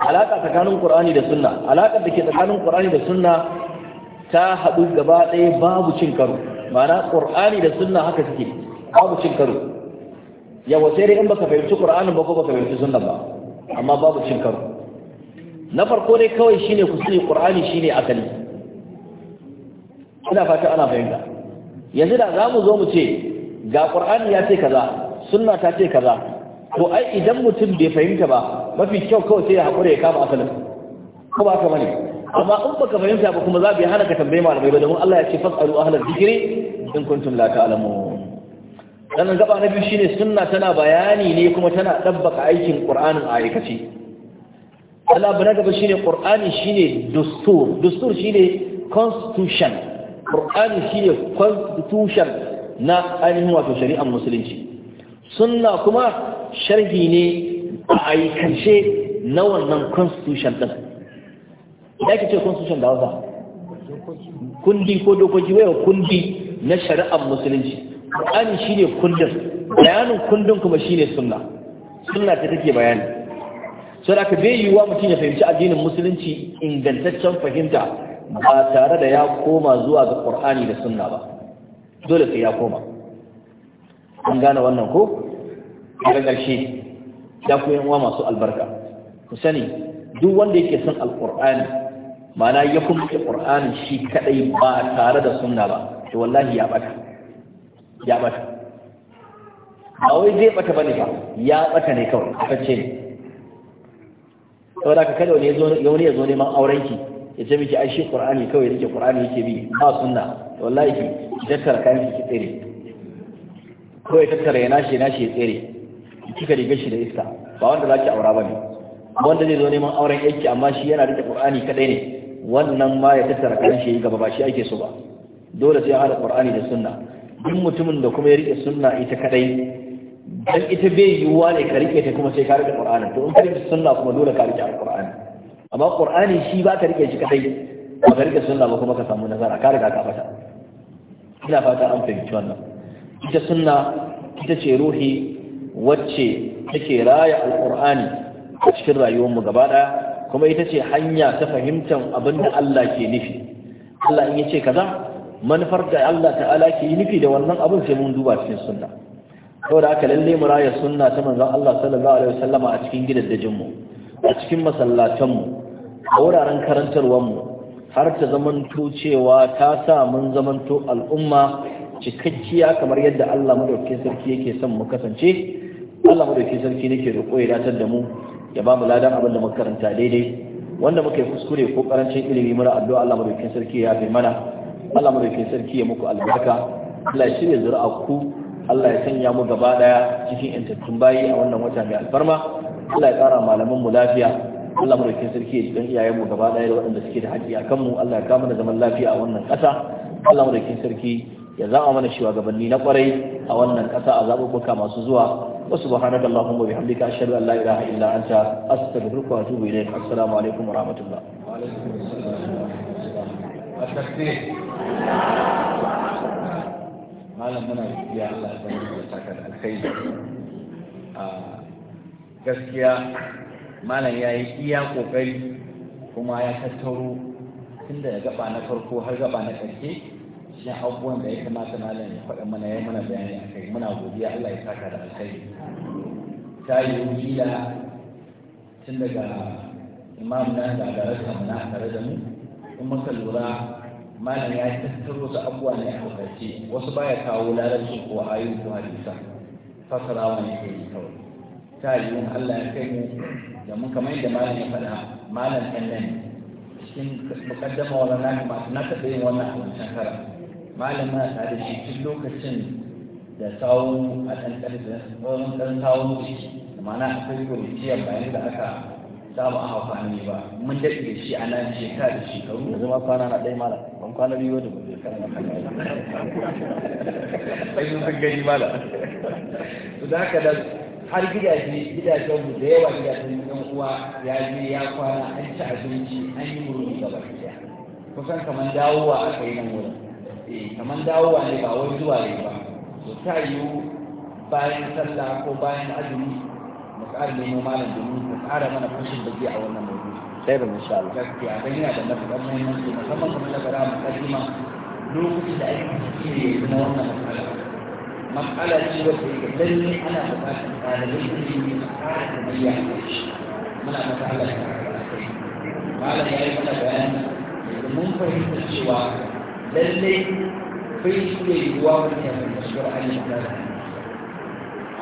alaka tsakanin qur'ani da sunna Alaka da ke tsakanin qur'ani da sunna ta haɗu gaba ɗaya babu cin karo ma'ana qur'ani da sunna haka suke babu cin karo yawa sai dai in baka fahimci qur'anin ba ko baka fahimci sunna ba amma babu cin karo na farko dai kawai shine ku sani qur'ani shine akali ina fata ana fahimta yanzu da za mu zo mu ce ga ƙur'ani ya ce kaza sunna ta ce kaza to ai idan mutum bai fahimta ba mafi kyau kawai sai ya haƙura ya kama asalin ko ba ka bane amma in baka fahimta ba kuma za bai hana ka tambayi malamai ba domin Allah ya ce fasalu ahlal zikri in kuntum la ta'lamun sannan gaba na biyu shine sunna tana bayani ne kuma tana dabbaka aikin Qur'anin a aikace Allah bana gaba shine Qur'ani shine dustur dustur shine constitution ƙur'ani shi ne constitution na ainihin wato shari'ar musulunci sunna kuma sharhi ne a aikace na wannan constitution ɗin ya ke ce constitution da wasa kundi ko dokoki waya kundi na shari'ar musulunci ƙur'ani shi ne kundin bayanin kundin kuma shi ne sunna sunna ta take bayani sau da aka bai yiwuwa mutum ya fahimci addinin musulunci ingantaccen fahimta ba tare da ya koma zuwa ga ƙur'ani da sunna ba dole sai ya koma an gane wannan ko daga ƙarshe ya koyan wa masu albarka ku sani duk wanda yake son alƙur'ani mana ya kuma ƙur'ani shi kaɗai ba tare da sunna ba to wallahi ya ɓata ya ɓata ba wai zai ɓata ba ne ba ya ɓata ne kawai a ce ne saboda ka kada wani ya zo neman aurenki ya ce miki ai shi qur'ani kawai yake qur'ani yake bi ba sunna wallahi ki tattara kayan ki tsere kawai tattara yana shi yana shi ya tsere kika riga shi da iska ba wanda zaki aura bane wanda zai zo neman auren yake amma shi yana rike qur'ani kadai ne wannan ma ya tattara kayan shi gaba ba shi ake so ba dole sai ya hada qur'ani da sunna duk mutumin da kuma ya rike sunna ita kadai dan ita bai yiwuwa ne ka rike ta kuma sai ka rike qur'ani to in ka rike sunna kuma dole ka rike alqur'ani amma qur'ani shi ba ka rike shi kai ba ka rike sunna ba kuma ka samu nazara ka riga ka fata ina fata an fahimci wannan ita sunna ita ce ruhi wacce take raya alqur'ani a cikin rayuwar mu gaba daya kuma ita ce hanya ta fahimtar abin da Allah ke nufi Allah in yace kaza manufar da Allah ta'ala ke nufi da wannan abin sai mun duba cikin sunna saboda haka lalle mu raya sunna ta manzon Allah sallallahu alaihi wasallama a cikin gidajen mu a cikin masallatanmu a wuraren karantarwarmu har ta zamanto cewa ta sa mun zamanto al'umma cikakkiya kamar yadda Allah madaukakin sarki yake son mu kasance Allah madaukakin sarki nake roƙo ya datar da mu ya ba mu ladan abin da muka karanta daidai wanda muka yi kuskure ko karancin ilimi muna addu'a Allah madaukakin sarki ya bai mana Allah madaukakin sarki ya muku albarka Allah ya shirya zuri'a ku Allah ya sanya mu gaba daya cikin intattun bayi a wannan wata mai alfarma Allah ya tsara malaman lafiya Allah madaukakin sarki ya iyayen mu gaba ɗaya da waɗanda suke da haƙƙi a kanmu Allah ya kama da zaman lafiya a wannan ƙasa Allah madaukakin sarki ya zama mana shugabanni na kwarai a wannan ƙasa a zaɓuɓɓuka masu zuwa wasu subhanaka allahumma bihamdika ashhadu an la ilaha illa anta astaghfiruka wa atubu ilayk assalamu alaikum wa rahmatullah wa alaikum assalam malam muna ya Allah ya saka da alkhairi ah, gaskiya malam ya yi iya kokari kuma ya tattaro tun ya gaba na farko har gaba na ƙarshe shi abubuwan da ya kamata malam ya faɗa mana ya mana bayani a kai muna godiya Allah ya saka da alkhairi ta yi wujila tun daga imam na da darasa mu a tare da mu in muka lura malam ya tattaro su abubuwa ne a ƙoƙarce wasu baya kawo larabci ko ayyukan ko hadisa fasara wani ke yi kawai ta yiwu Allah ya kai mu da mun kamar yadda malam ya faɗa malam ɗan cikin mukaddama wannan na kamata na taɓa yin wannan a wancan kara malam na tare da shi cikin lokacin da sawu a ɗan ƙarfi sauran ɗan sawu da mana akwai kuriciyar bayan da aka samu a ne ba mun daɗe da shi a nan shekara da shekaru yanzu ma kwana na ɗaya malam ban kwana biyu da ba zai kara na kwana ba sai sun gani malam su da haka da har gidaje gidajen mu da yawa gidajen yan uwa ya je ya kwana an ci abinci an yi murmi gaba ɗaya kusan kaman dawowa a kai nan wurin eh kaman dawowa ne ba wai zuwa ne ba to ta yiwu bayan sallah ko bayan azumi mu ƙara nemo malam domin mu ƙara mana fashin baki a wannan maudu'i sai da insha Allah gaskiya dan yana da matuƙar muhimmanci musamman kuma da fara mu kaddima lokacin da ake ciki ne na wannan matsala مسألة شيء وتدلني أنا مسألة أنا بسم الله أنا أنا مسألة قال يا الشواء للي في كل جواب من المشورة عليه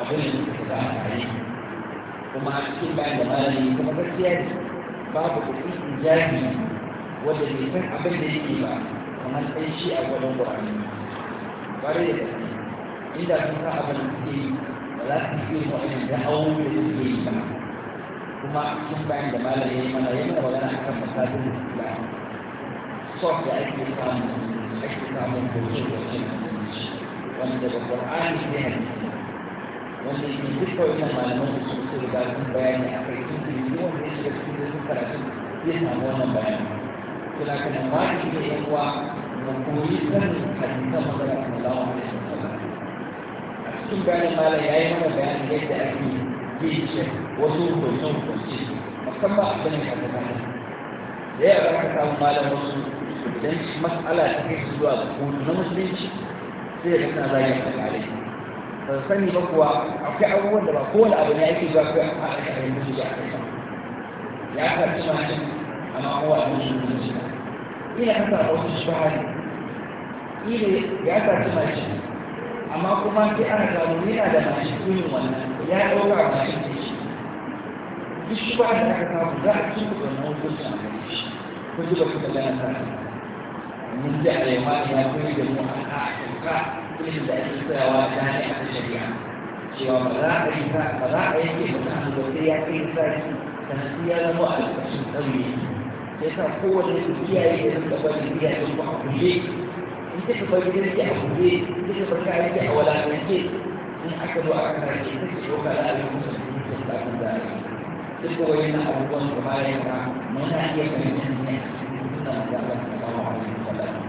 أقول الكتاب عليه وما أكتب بعد مالي وما بسيادي باب الإيس إيجابي والذي يفهم أبدا ومن أي شيء أولا قرآن قال يا إذا تتعب المسلم ولا تسيره عن الجحوم للمسلم وما ثم عندما لا يمنى يمنى ولا نحكم مسادة الإسلام صحب عدم الإسلام الإسلام الكبير والمسلم القرآن الذهن والذي يذكر إنما لمن لي بعضهم بيان أفريقين في اليوم ليس يكتب سكرة يسمعون بيان ولكن ما يجب أن يقوى وقوية حديثة مدرسة الله عليه ثم بعد ما لا يعلم بأن جد أبيه في شيء وسوف سوف شيء مسمى أبن حسنان لا أبن حسنان ما له مسلم لأن مسألة تكيس الزواج هو المسلم سيد حسنان لا يفعل عليه فسني بقوة أوكي أول دبا قول أبن يأتي زواج في أحقاء الحسنان يعني أحسن تسمع أنا هو المسلم المسلم إلى أن تعطوا تشبهان إلى أن تعطوا تشبهان amma kuma sai aka gano yana da mashi kunin wannan ya ɗauka mashi ne shi duk ba da aka samu za a ci kuɗin motocin a shi ko ji ba ku gana sa mun ji a ya koyi da mu a ka kuɗin da ake tsayawa ta ne a kan shari'a cewa ba za a yi sa ba za a da sai ya kai sa shi sanadi ya zama a lokacin tsauye ya sa kowane su iyaye da suka bari iyayen ku a kulle مش طيبين في حبيت مش طيبين في حولان الجيل من أكد وأكد الجيل مش وكلا أبي مسلم تستعمل ذلك تلك وين أبو بن رباية من أحيى من الناس من أبو الله عليه وسلم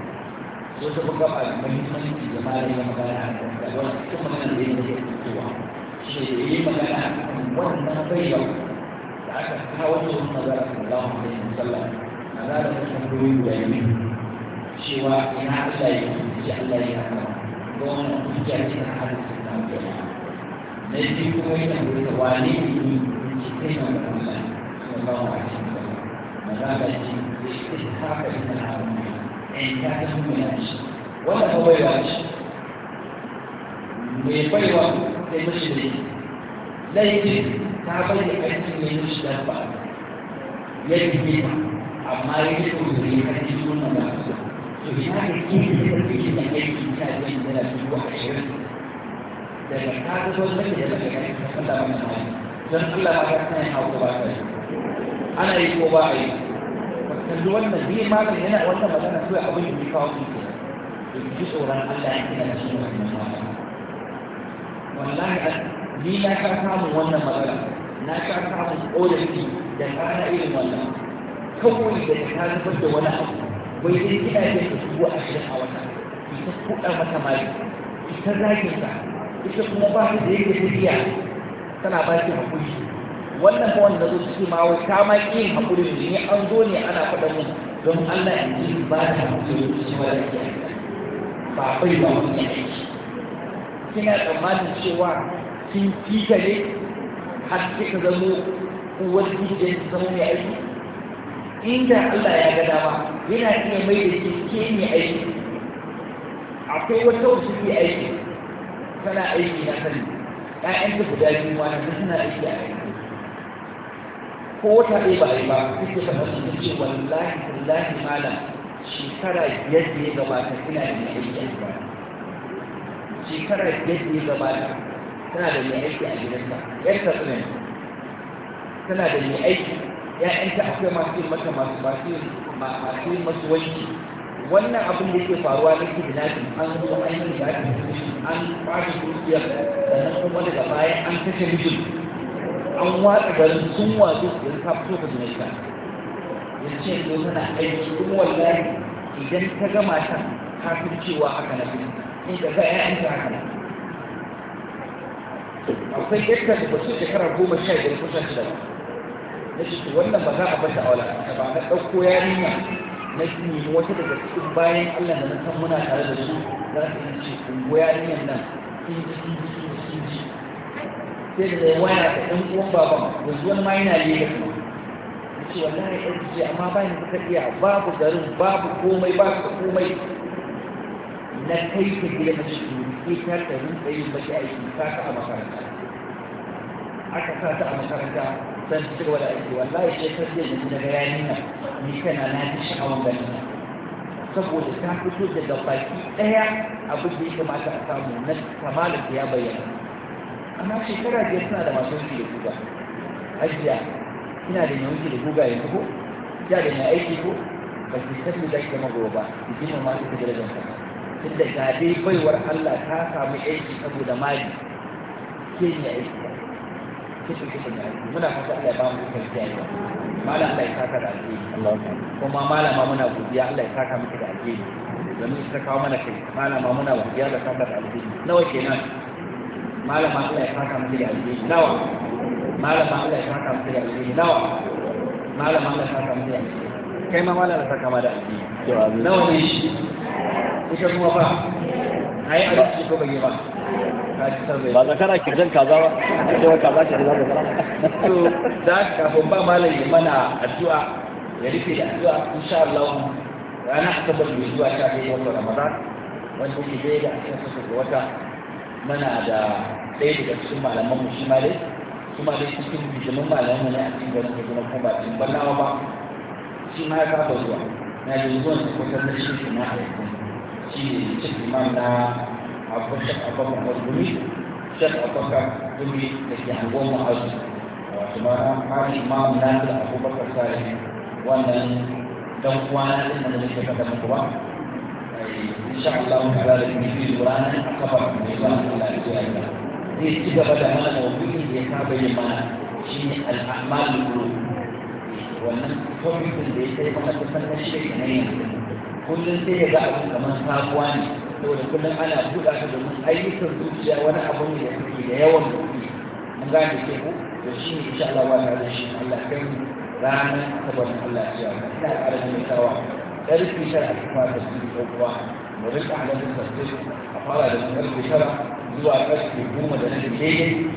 يوسف قال من يسمى الجمال ومكان عن الألوان ثم من الدين الكتوى شيء مكان عن وأن بيض لكن حاولت أن نظر الله عليه وسلم هذا الحمد لله cewa ina Allah ya yi Allah ya hana ko wannan hujja ce na halittar da aka yi na shi kuma yana da wani ne shi kai na da Allah sallallahu alaihi wa sallam maza ga shi shi haka ina haru in ta ta mu ya shi wannan ba bai wace me bai wa sai mishi ne laifin ta bai da kanci ne mishi da ba yadda ne amma yake kuma ne kanci sunan da aka daga ta zo da da ba ana yi ko ba yi yanzu wannan bi ma yana wannan magana sai abin da ka kawo ki ki tsoron Allah ya kira shi wannan wallahi ni na ka samun wannan magana na ka samun kodafi da kana irin wannan kawai da ka zubar da wani abu wai dai kina da a cikin a wata ita kuɗa mata mali ita zagin sa ita kuma ba su da yake tafiya tana ba ki hakuri wannan ba wanda zo ciki ma wai ta ma ƙi hakuri ne an zo ne ana faɗa mun don Allah in ji ba ta hakuri da shi ba da ba bai ba wani aiki kina tsammanin cewa kin fita ne har kika zamo uwar gidan zama mai aiki inda Allah ya ga dama yana iya mai da ke ne aiki akwai wata wasu ke aiki tana aiki na sani ƴaƴan ta guda biyu wani na suna aiki a aiki ko wata ɗaya ba a yi ba suke faɗa da ta ce wallahi wallahi malam shekara biyar da ya gabata ina da mai aiki a gida shekara biyar da ya gabata tana da mai aiki a gidansa ƴar ta tsanani tana da mai aiki ta akwai masu yin mata masu masu yin masu masuwanci wannan abin da ke faruwa na kidnapping an zo an yi da ake an kwashe dukiyar sannan kuma daga baya an kashe mijin an watsa garin sun watsu yanzu ka fito ka zuwa Ya ce ko tana aiki kuma wallahi idan ta gama ta kafin cewa haka na fi in za ga ƴaƴan ta haka na akwai yadda da ba su shekarar goma sha biyar kusan shida na shi wannan ba za a bata aula ka ba na ɗauko yarinya na shi wata daga cikin bayan Allah da na san muna tare da su za su yi ce kungo yarinyar nan inji sai da zai waya da ɗan uwan baban yanzu wani ma yana lera kuma ya ce wallahi ya ce amma ba ni suka iya babu garin babu komai ba su komai na kai ta gida na shi ne ta ta rinka yin baki aiki ta ka a makaranta aka sa ta a makaranta zan ci gaba da aiki wallahi sai ta je yanzu daga yayin nan ni kana na ji sha'awan ganin nan saboda ta fito da baki ɗaya abin da ya kamata a samu na kamalin da ya bayyana amma shekara biyar suna da masu yanki da guga ajiya ina da yanki da guga yanzu ko ina da mai aiki ko ba ki san da zaki zama ba ki jima ma ta darajar ka tunda ga dai baiwar Allah ta samu aiki saboda mali ke ne aiki ba kishi kishi da aiki muna fata Allah ya ba mu yau Allah ya saka da alheri kuma malama muna godiya Allah ya saka miki da alheri domin ta kawo mana kai malama muna godiya da saka da alheri nawa kenan malama Allah ya saka miki da alheri nawa malama Allah ya saka miki da alheri nawa malama Allah ya saka miki da alheri kai ma malama ta kama da alheri nawa ne shi kusa kuma ba ai alheri ko bai ba ba zakara ke zan kaza ba cewa kaza ce za zakara to da ba malam ya mana addu'a ya rufe da addu'a insha Allah ranar asabar mai zuwa ta biyu wata ramadan wanda ke zai da aka saka ga wata mana da ɗaya daga cikin malaman mu shi ma dai shi ma dai cikin bijimin malaman mu ne a cikin da kuma kuma cikin ballawa ba shi ma ya zuwa na yanzu wanda kusan da shi kuma shi ne cikin imam عبد الشيخ أطلع مظلومي الشيخ أطلع كلي لكي عندهم أجل كما قال الإمام نافع أبو بكر سالم وأن دوقوانا لنا نجد كذا مقوى إن شاء الله تعالى لكم في القرآن أكبر من الله على رجال إذا بدأ هذا وفيه يتابع ما شيء الأعمال القلوب wannan kwamfutan da ya sai maka kusan na shirya saboda kullum ana buɗa ta domin ayyukan zuciya wani abu ne da suke da yawan buɗe an gane ke ku to shi ne insha Allah wata da shi Allah kan ranar saboda Allah ya yi ina ƙara mai tawa ƙarfi shara ta fara da su da uwa mu rika halin da a fara da ƙarfi shara zuwa ƙarfi goma da na daidai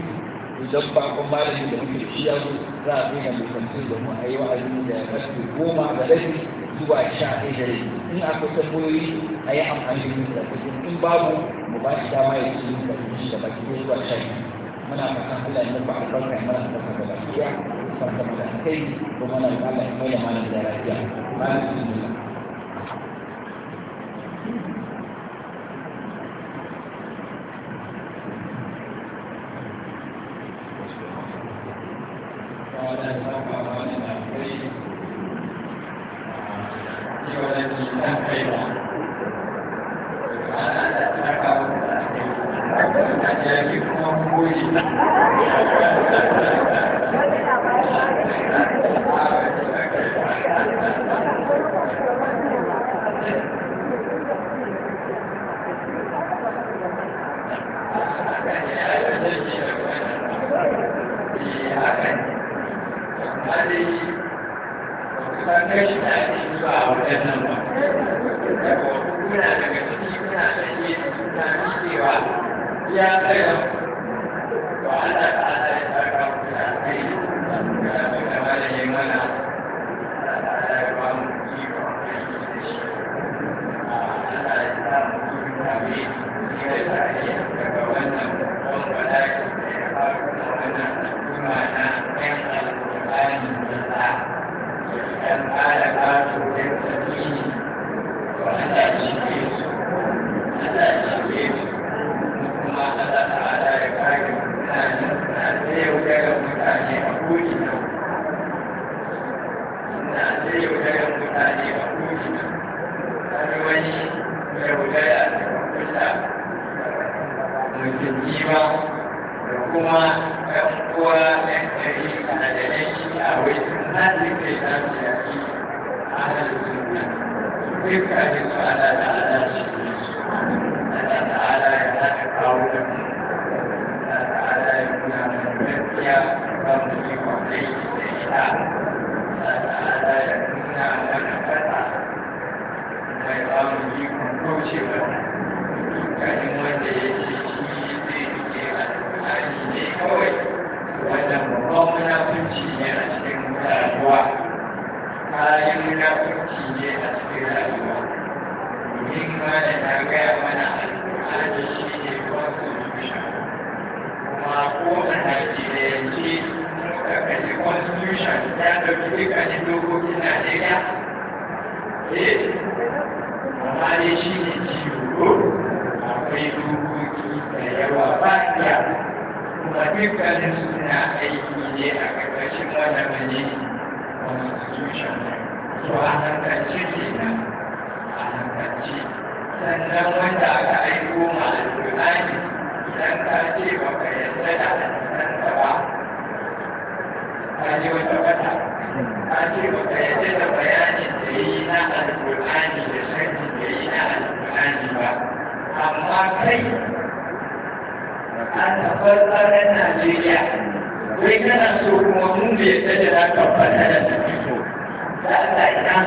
idan ba kun ba da muke shi ya zo za a daina kwanci da mu a yi wa'azi da ya kasu goma da rabi zuwa sha a ɗaya da rabi in akwai tambayoyi a yi amfani da mutuntun in babu mu ba shi dama ya ci yin kuɗi da baki ko zuwa sha biyu muna fatan Allah ya nufa albarka ya mana albarka da lafiya farka da kai kuma na ga Allah ya mai da malam da lafiya da bismillah وعلى اله وصحبه adalci san kashi da ya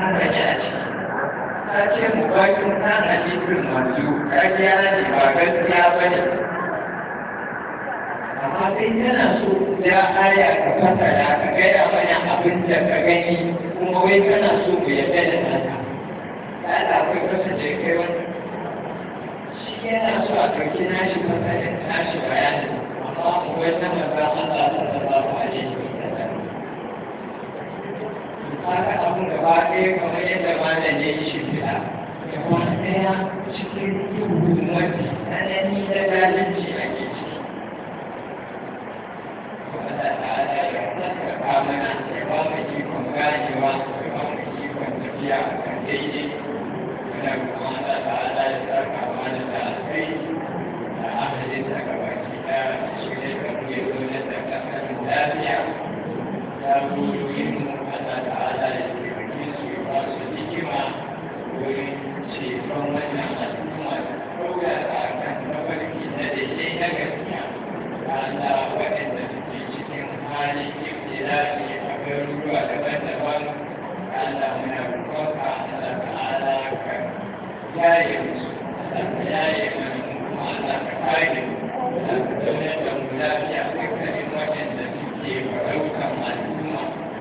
haka ta ce mu bakin kan hadisin manzo ta gyara ne ba gaskiya amma sai yana so ya gaya ka gani kuma wai so mu akwai shi yana so a ɗauki nashi fasarin nashi bayanin amma mu wai na maza Allah sallallahu alaihi ta haɗa mu gaba ɗaya kamar yadda malam ya yi shimfiɗa da kuma ɗaya cikin yiwu wani tsanani da zalunci a ke ciki. Allah ta'ala ya kama mana ya ba mu ikon ganewa ya ba mu ikon tafiya a kan daidai. Muna kuma Allah ta'ala ya saka mana da alkai da ahalin da gabaki ɗaya shi ne kan iya zo da ƙasar lafiya. Ya zo yin Allah ta'ala ya taimake su ya ba su hikima wurin ceton wannan al'umma da ɗauka kan mafarki na daidai na gaskiya Allah waɗanda suke cikin halin ibtilafi a garuruwa daban-daban Allah muna roƙonka Allah ta'ala ka yaye musu Allah ka yaye mana kuma Allah ka kare mu Allah ka zaunar da mu lafiya waɗanda suke farautan al'umma